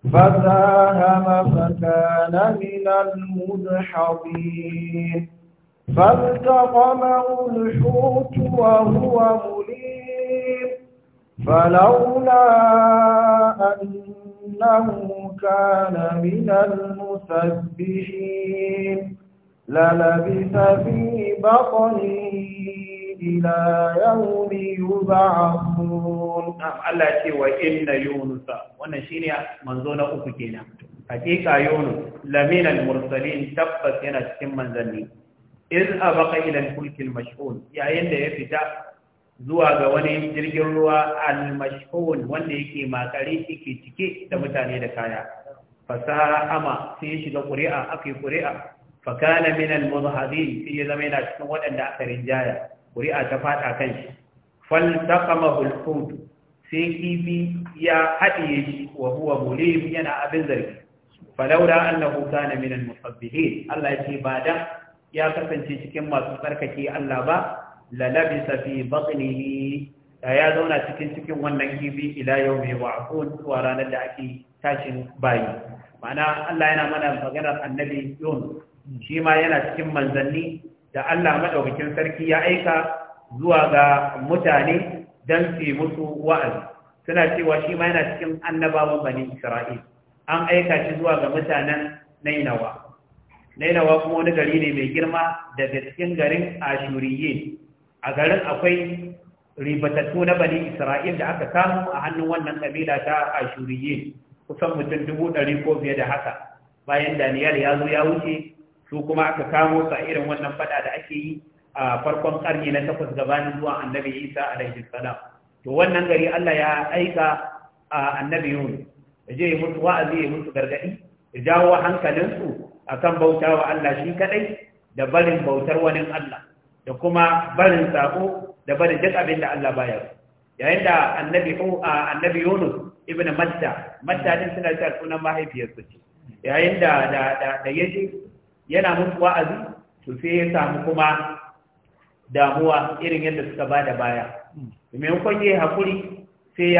فساهم فكان من المدحضين فالتقمه الحوت وهو مليم فلولا أنه كان من المسبحين للبث في بطنه إلى يوم يبعثون الله ce wa inna yunus wannan shine manzo na uku kenan hakika yunus laminan al tabbas yana cikin manzanni In a ila al-fulk al yayin da ya fita zuwa ga wani jirgin ruwa al-mashhun wanda yake makare yake cike da mutane da kaya fasaha ama sai shiga ƙuri'a akai ƙuri'a fakana min al-mudhhabin sai ya zama yana cikin waɗanda aka rinjaya ƙuri'a ta faɗa kan shi faltaqamahu al-hut sai kifi ya haɗiye shi wa huwa mulim yana abin zargi falaura annahu kana min al-musabbihin Allah ya ce ba dan ya kasance cikin masu tsarkake Allah ba la labisa fi batnihi da ya zauna cikin cikin wannan kifi ila yawmi wa'qun zuwa ranar da ake tashin bayi ma'ana Allah yana mana maganar annabi Yunus shi ma yana cikin manzanni da Allah madaukakin sarki ya aika zuwa ga mutane dan su musu wa'azi suna cewa shi ma yana cikin annabawan bani Isra'il an aika shi zuwa ga mutanen Nainawa Nainawa kuma wani gari ne mai girma daga cikin garin Ashuriyin a garin akwai ribatattu na bani Isra'il da aka samu a hannun wannan kabila ta ashuriye kusan mutum dubu ɗari ko fiye da haka bayan Daniyal ya zo ya wuce su kuma aka kamo su a irin wannan fada da ake yi a farkon karni na takwas gabanin zuwa annabi isa alaihi salam to wannan gari Allah ya aika annabi yun je musu wa'azi ya musu gargadi ya jawo hankalinsu akan bauta wa Allah shi kadai da barin bautar wani Allah da kuma barin sako da barin duk abin da Allah bayar. yayin da annabi annabi Yunus ibn Matta Matta din suna cewa sunan mahaifiyarsu ce yayin da da da yaje yana musu wa'azi to sai ya samu kuma damuwa irin yadda suka ba da baya maimakon ya haƙuri sai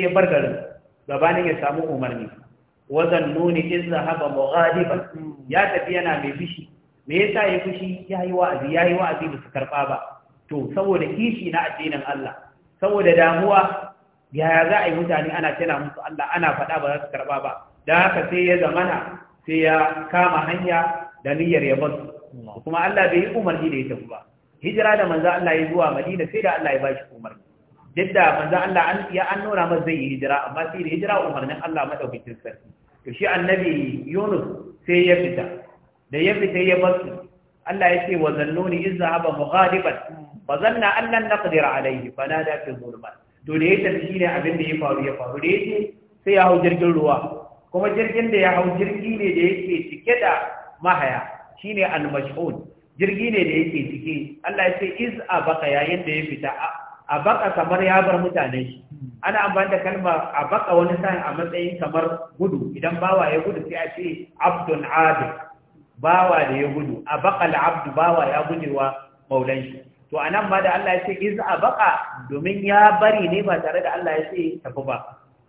ya bar garin gabanin ya samu umarni wazan nuni in zahaba mughadiban ya tafi yana mai fushi me yasa ya fushi yayi wa'azi yayi wa'azi ba su karba ba to saboda kishi na addinin Allah saboda damuwa yaya za a yi mutane ana tana musu Allah ana faɗa ba za su karba ba da haka sai ya zamana sai ya kama hanya da niyyar ya bar kuma Allah bai yi umarni da ya tafi ba hijira da manzo Allah ya zuwa Madina sai da Allah ya bashi umarni duk da manzo Allah an ya an nuna masa zai yi hijira amma sai da hijira umarnin Allah madaukakin sarki to shi annabi Yunus sai ya fita da ya fita ya bar Allah ya ce wa zannuni iz zahaba mughadiban fa zanna an lan naqdir alayhi fanada fi dhulmat to da ya tafi shine abin da ya faru ya faru da yake sai ya hau jirgin ruwa kuma jirgin da ya hau jirgi ne da yake cike da mahaya shine al-mash'un jirgi ne da yake cike Allah ya ce iz abaka yayin da ya fita abaka kamar ya bar mutane shi ana amfani da kalmar abaka wani sa'in a matsayin kamar gudu idan bawa ya gudu sai a ce abdun abid bawa da ya gudu abaka al-abdu bawa ya gujewa maulan shi to anan ma da Allah ya ce iz abaka domin ya bari ne ba tare da Allah ya ce tafi ba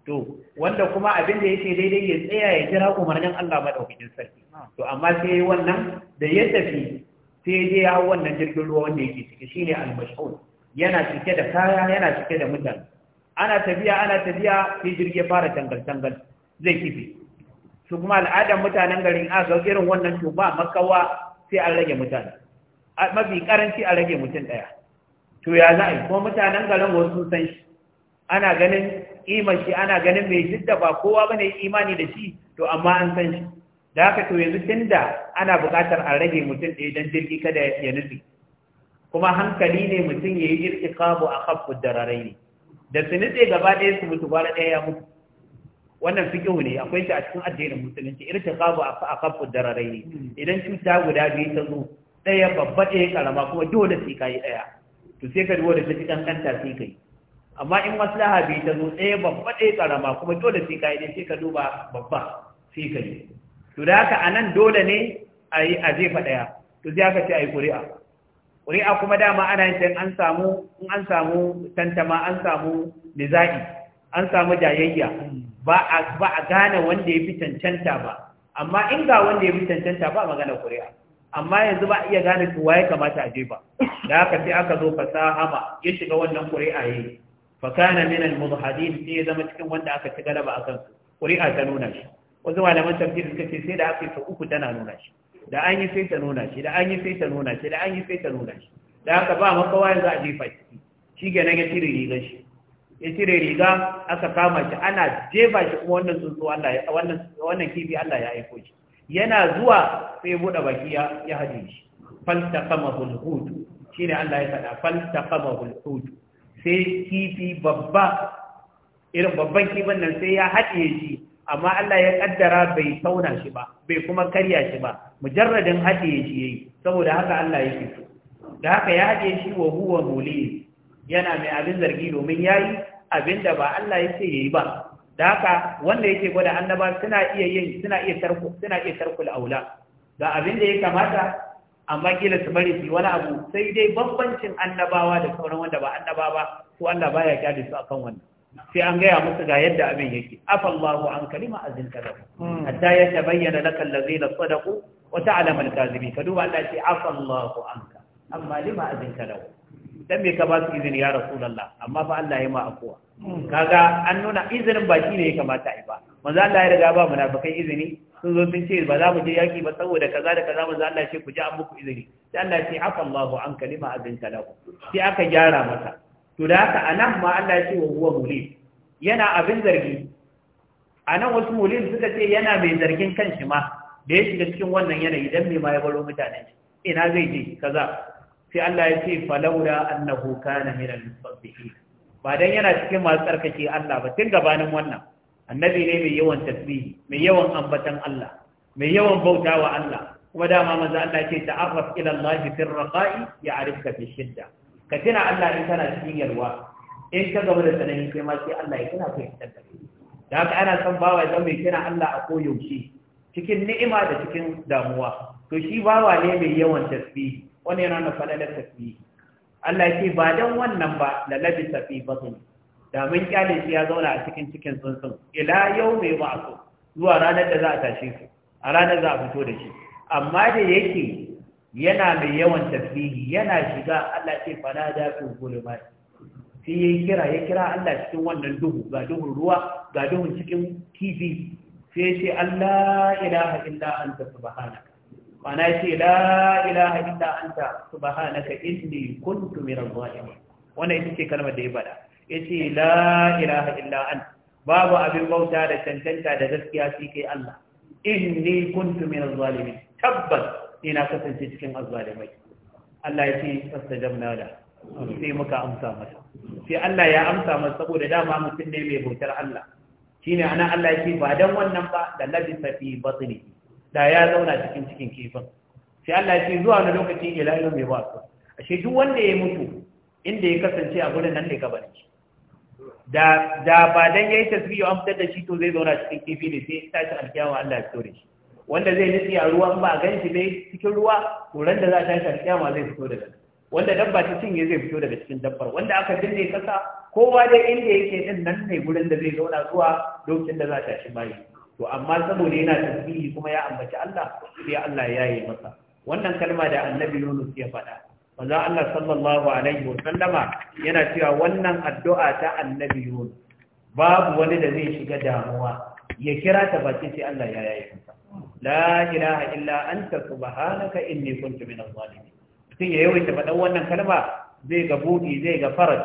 to wanda kuma abin da yake daidai ya tsaya ya jira umarnin Allah madaukakin sarki to amma sai wannan da ya tafi sai ya je ya hau wannan jirgin ruwa wanda yake ciki shine al-mashhud yana cike da kaya yana cike da mutan. ana tafiya ana tafiya sai jirgi ya fara tangal-tangal zai kife su kuma al'adar mutanen garin a ga irin wannan to ba makawa sai an rage mutane mafi karanci a rage mutum daya to ya za a yi kuma mutanen garin wasu sun san shi ana ganin iman shi ana ganin mai shidda ba kowa ba ne imani da shi to amma an san shi da haka to yanzu tun da ana buƙatar a rage mutum ɗaya don jirgi kada ya nufi kuma hankali ne mutum ya yi kabo a kafin dararai ne da su nutse gaba ɗaya su mutu gwara ɗaya ya mutu wannan fikihu ne akwai shi a cikin addinin musulunci kabo a kafin dararai ne idan cuta guda biyu ta zo ɗaya babba ɗaya karama kuma dole sai yi ɗaya to sai ka duba da ta ci kankanta sai kai amma in maslaha bai ta zo ɗaya babba ɗaya ƙarama kuma dole sai ka yi ne sai ka duba babba sai ka yi to da haka a nan dole ne a yi a jefa ɗaya to sai aka ce a yi ƙuri'a ƙuri'a kuma dama ana yin an samu in an samu tantama an samu niza'i an samu jayayya ba a ba a gane wanda ya fi cancanta ba amma in ga wanda ya fi cancanta ba magana ƙuri'a amma yanzu ba a iya gane kowa ya kamata a jefa da haka sai aka zo fasaha ba ya shiga wannan ƙuri'a yayi fa kana min al-mudhadin sai zama cikin wanda aka ci galaba akan su ƙuri'a ta nuna shi wasu malaman tafsir suka ce sai da aka yi ta uku tana nuna shi da an yi sai ta nuna shi da an yi sai ta nuna shi da an yi sai ta nuna shi da aka ba makawa yanzu a jefa ciki shi ke nan ya cire riga shi ya cire riga aka kama shi ana jefa shi kuma wannan tsuntsu wannan kifi Allah ya aiko shi yana zuwa sai bude baki ya ya hade shi faltaqamahu al-hut shine Allah ya faɗa fal faltaqamahu al hutu. sai kifi babba irin babban kifin nan sai ya haɗe shi amma Allah ya ƙaddara bai tauna shi ba bai kuma karya shi ba mujarradin haɗe shi yayi saboda haka Allah yake so da haka ya haɗe shi wa huwa muli yana mai abin zargi domin yayi abin da ba Allah yake yayi ba da haka wanda yake gwada annaba suna iya yin suna iya tarku suna iya tarkul aula ga abin da ya kamata amma kila su bari su wani abu sai dai bambancin annabawa da sauran wanda ba annaba ba Ko Allah baya kyade su akan wannan sai an gaya musu ga yadda abin yake afallahu an kalima azin kazabu hmm. hatta ya tabayyana lakal da sadaqu wa ta'lamu al-kadhibin ka duba Allah ce afallahu anka amma lima azin ku. dan me ka ba su izini ya rasulullah amma fa Allah ya ma akuwa kaga an nuna izinin baki ne ya kamata a yi ba manzo Allah ya riga ba munafikai izini sun zo sun ce ba za mu je yaki ba saboda kaza da kaza manzo Allah ya ce ku ji an muku izini sai Allah ya ce afa Allahu an kalima ta lahu sai aka gyara masa to da haka anan ma Allah ya ce wa huwa mulil yana abin zargi anan wasu mulil suka ce yana mai zargin kanshi ma da ya shiga cikin wannan yanayi dan me ma ya baro mutane. ina zai je kaza sai Allah ya ce falawla annahu kana min al-musabbihin ba dan yana cikin masu tsarkake Allah ba tun gabanin wannan annabi ne mai yawan tasbihi mai yawan ambatan Allah mai yawan bautawa Allah kuma dama maza Allah ce ta'arraf ila Allah fi raqa'i ya'rifka fi shidda ka tuna Allah in kana cikin yalwa in ka gaba da sanani kai ma sai Allah ya tuna kai da da haka ana son bawa ya mai kira Allah a koyaushe cikin ni'ima da cikin damuwa to shi bawa ne mai yawan tasbihi wannan yana na falalar tasbihi Allah ya ce ba dan wannan ba la labisa fi batni da mun kyale shi ya zauna a cikin cikin tsuntsun ila yau mai su zuwa ranar da za a tashe shi a ranar za a fito da shi amma da yake yana mai yawan tasbihi yana shiga Allah ce fala da fi gulmat sai ya kira ya kira Allah cikin wannan duhu ga duhun ruwa ga duhun cikin kifi sai ya ce Allah ilaha illa anta subhanaka mana ce la ilaha illa anta subhanaka inni kuntu minaz zalimin wannan ita ce kalmar da ya bada yace la ilaha illa an, babu abin bauta da cancanta da gaskiya shi kai Allah inni kuntu minaz zalimin tabbas ina kasance cikin da mai. Allah ya ce sassa fastajabna da sai muka amsa masa sai Allah ya amsa masa saboda dama mutum ne mai bautar Allah shine ana Allah ya ce ba dan wannan ba da labisa fi batnihi da ya zauna cikin cikin kifin sai Allah ya ce zuwa wani lokaci ila yau mai ba ashe duk wanda ya mutu inda ya kasance a gurin nan ne ka bari da da ba dan yayi tasbihu an fitar da shi to zai zauna cikin kifi ne sai tashi alkiyama Allah ya tsore shi wanda zai nutsi a ruwa ba a gan shi cikin ruwa to ran da za ta tashi alkiyama zai fito daga wanda dabba ta cinye zai fito daga cikin dabbar wanda aka binne kasa kowa dai inda yake din nan ne gurin da zai zauna zuwa lokacin da za ta ci bayi to amma saboda yana tasbihi kuma ya ambaci Allah sai Allah ya yi masa wannan kalma da annabi Yunus ya faɗa manzo Allah sallallahu alaihi wa sallama yana cewa wannan addu'a ta annabi Yunus babu wani da zai shiga damuwa ya kira ta bace sai Allah ya yi masa la ilaha illa anta subhanaka inni kuntu minaz zalimin mutum ya yawaita faɗan wannan kalma zai ga buɗi zai ga faras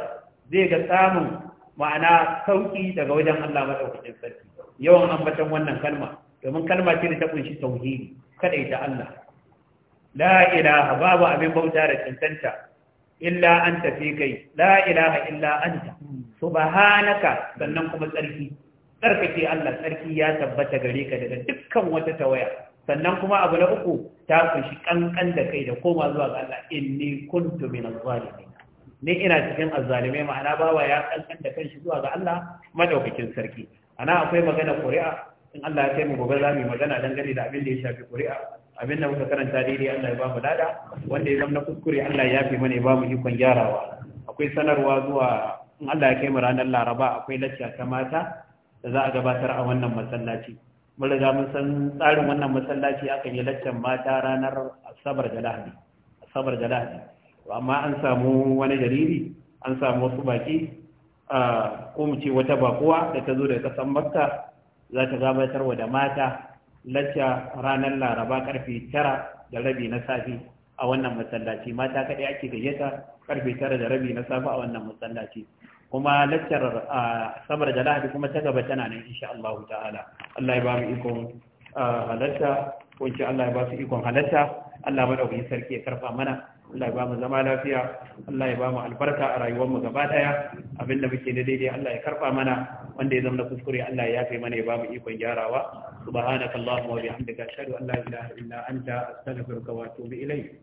zai ga samun ma'ana sauki daga wajen Allah madaukakin sarki yawan ambatan wannan kalma domin kalma ce da ta kunshi tauhidi kada ita Allah la ilaha babu abin bauta da cancanta illa anta fi kai la ilaha illa anta subhanaka sannan kuma tsarki tsarkake Allah tsarki ya tabbata gare ka daga dukkan wata tawaya sannan kuma abu na uku ta kunshi kankan da kai da koma zuwa ga Allah inni kuntu min zalimin ni ina cikin azzalimai ma'ana bawa ya kankan da kanshi zuwa ga Allah madaukakin sarki ana akwai magana ƙuri'a in Allah ya taimu gobe za mu yi magana dangane da abin da ya shafi ƙuri'a abin da muka karanta daidai Allah ya ba mu dada wanda ya zama kuskure Allah ya yafe mana ya ba mu ikon gyarawa akwai sanarwa zuwa in Allah ya kai mu ranar Laraba akwai lacca ta mata da za a gabatar a wannan masallaci mun riga mun san tsarin wannan masallaci akan yi laccan mata ranar Asabar da Lahadi Asabar da Lahadi amma an samu wani jariri, an samu wasu baki ko mu ce wata bakuwa da ta zo da kasan makka za ta wa da mata lacca ranar laraba karfe tara da rabi na safe a wannan masallaci mata kaɗai ake gayyata karfe tara da rabi na safe a wannan masallaci kuma laccar samar da lahadi kuma ta gaba tana nan insha Allah ta'ala Allah ya ba mu ikon halatta ko Allah ya ba su ikon halatta Allah madaukakin sarki ya karfa mana Allah ya ba mu zama lafiya Allah ya ba mu albarka a rayuwar mu gaba daya da muke na daidai Allah ya karfa mana wanda ya zama kuskure Allah ya yafe mana ya ba mu ikon gyarawa subhanaka allahumma wa bihamdika ashhadu an la ilaha illa anta astaghfiruka wa atubu ilayk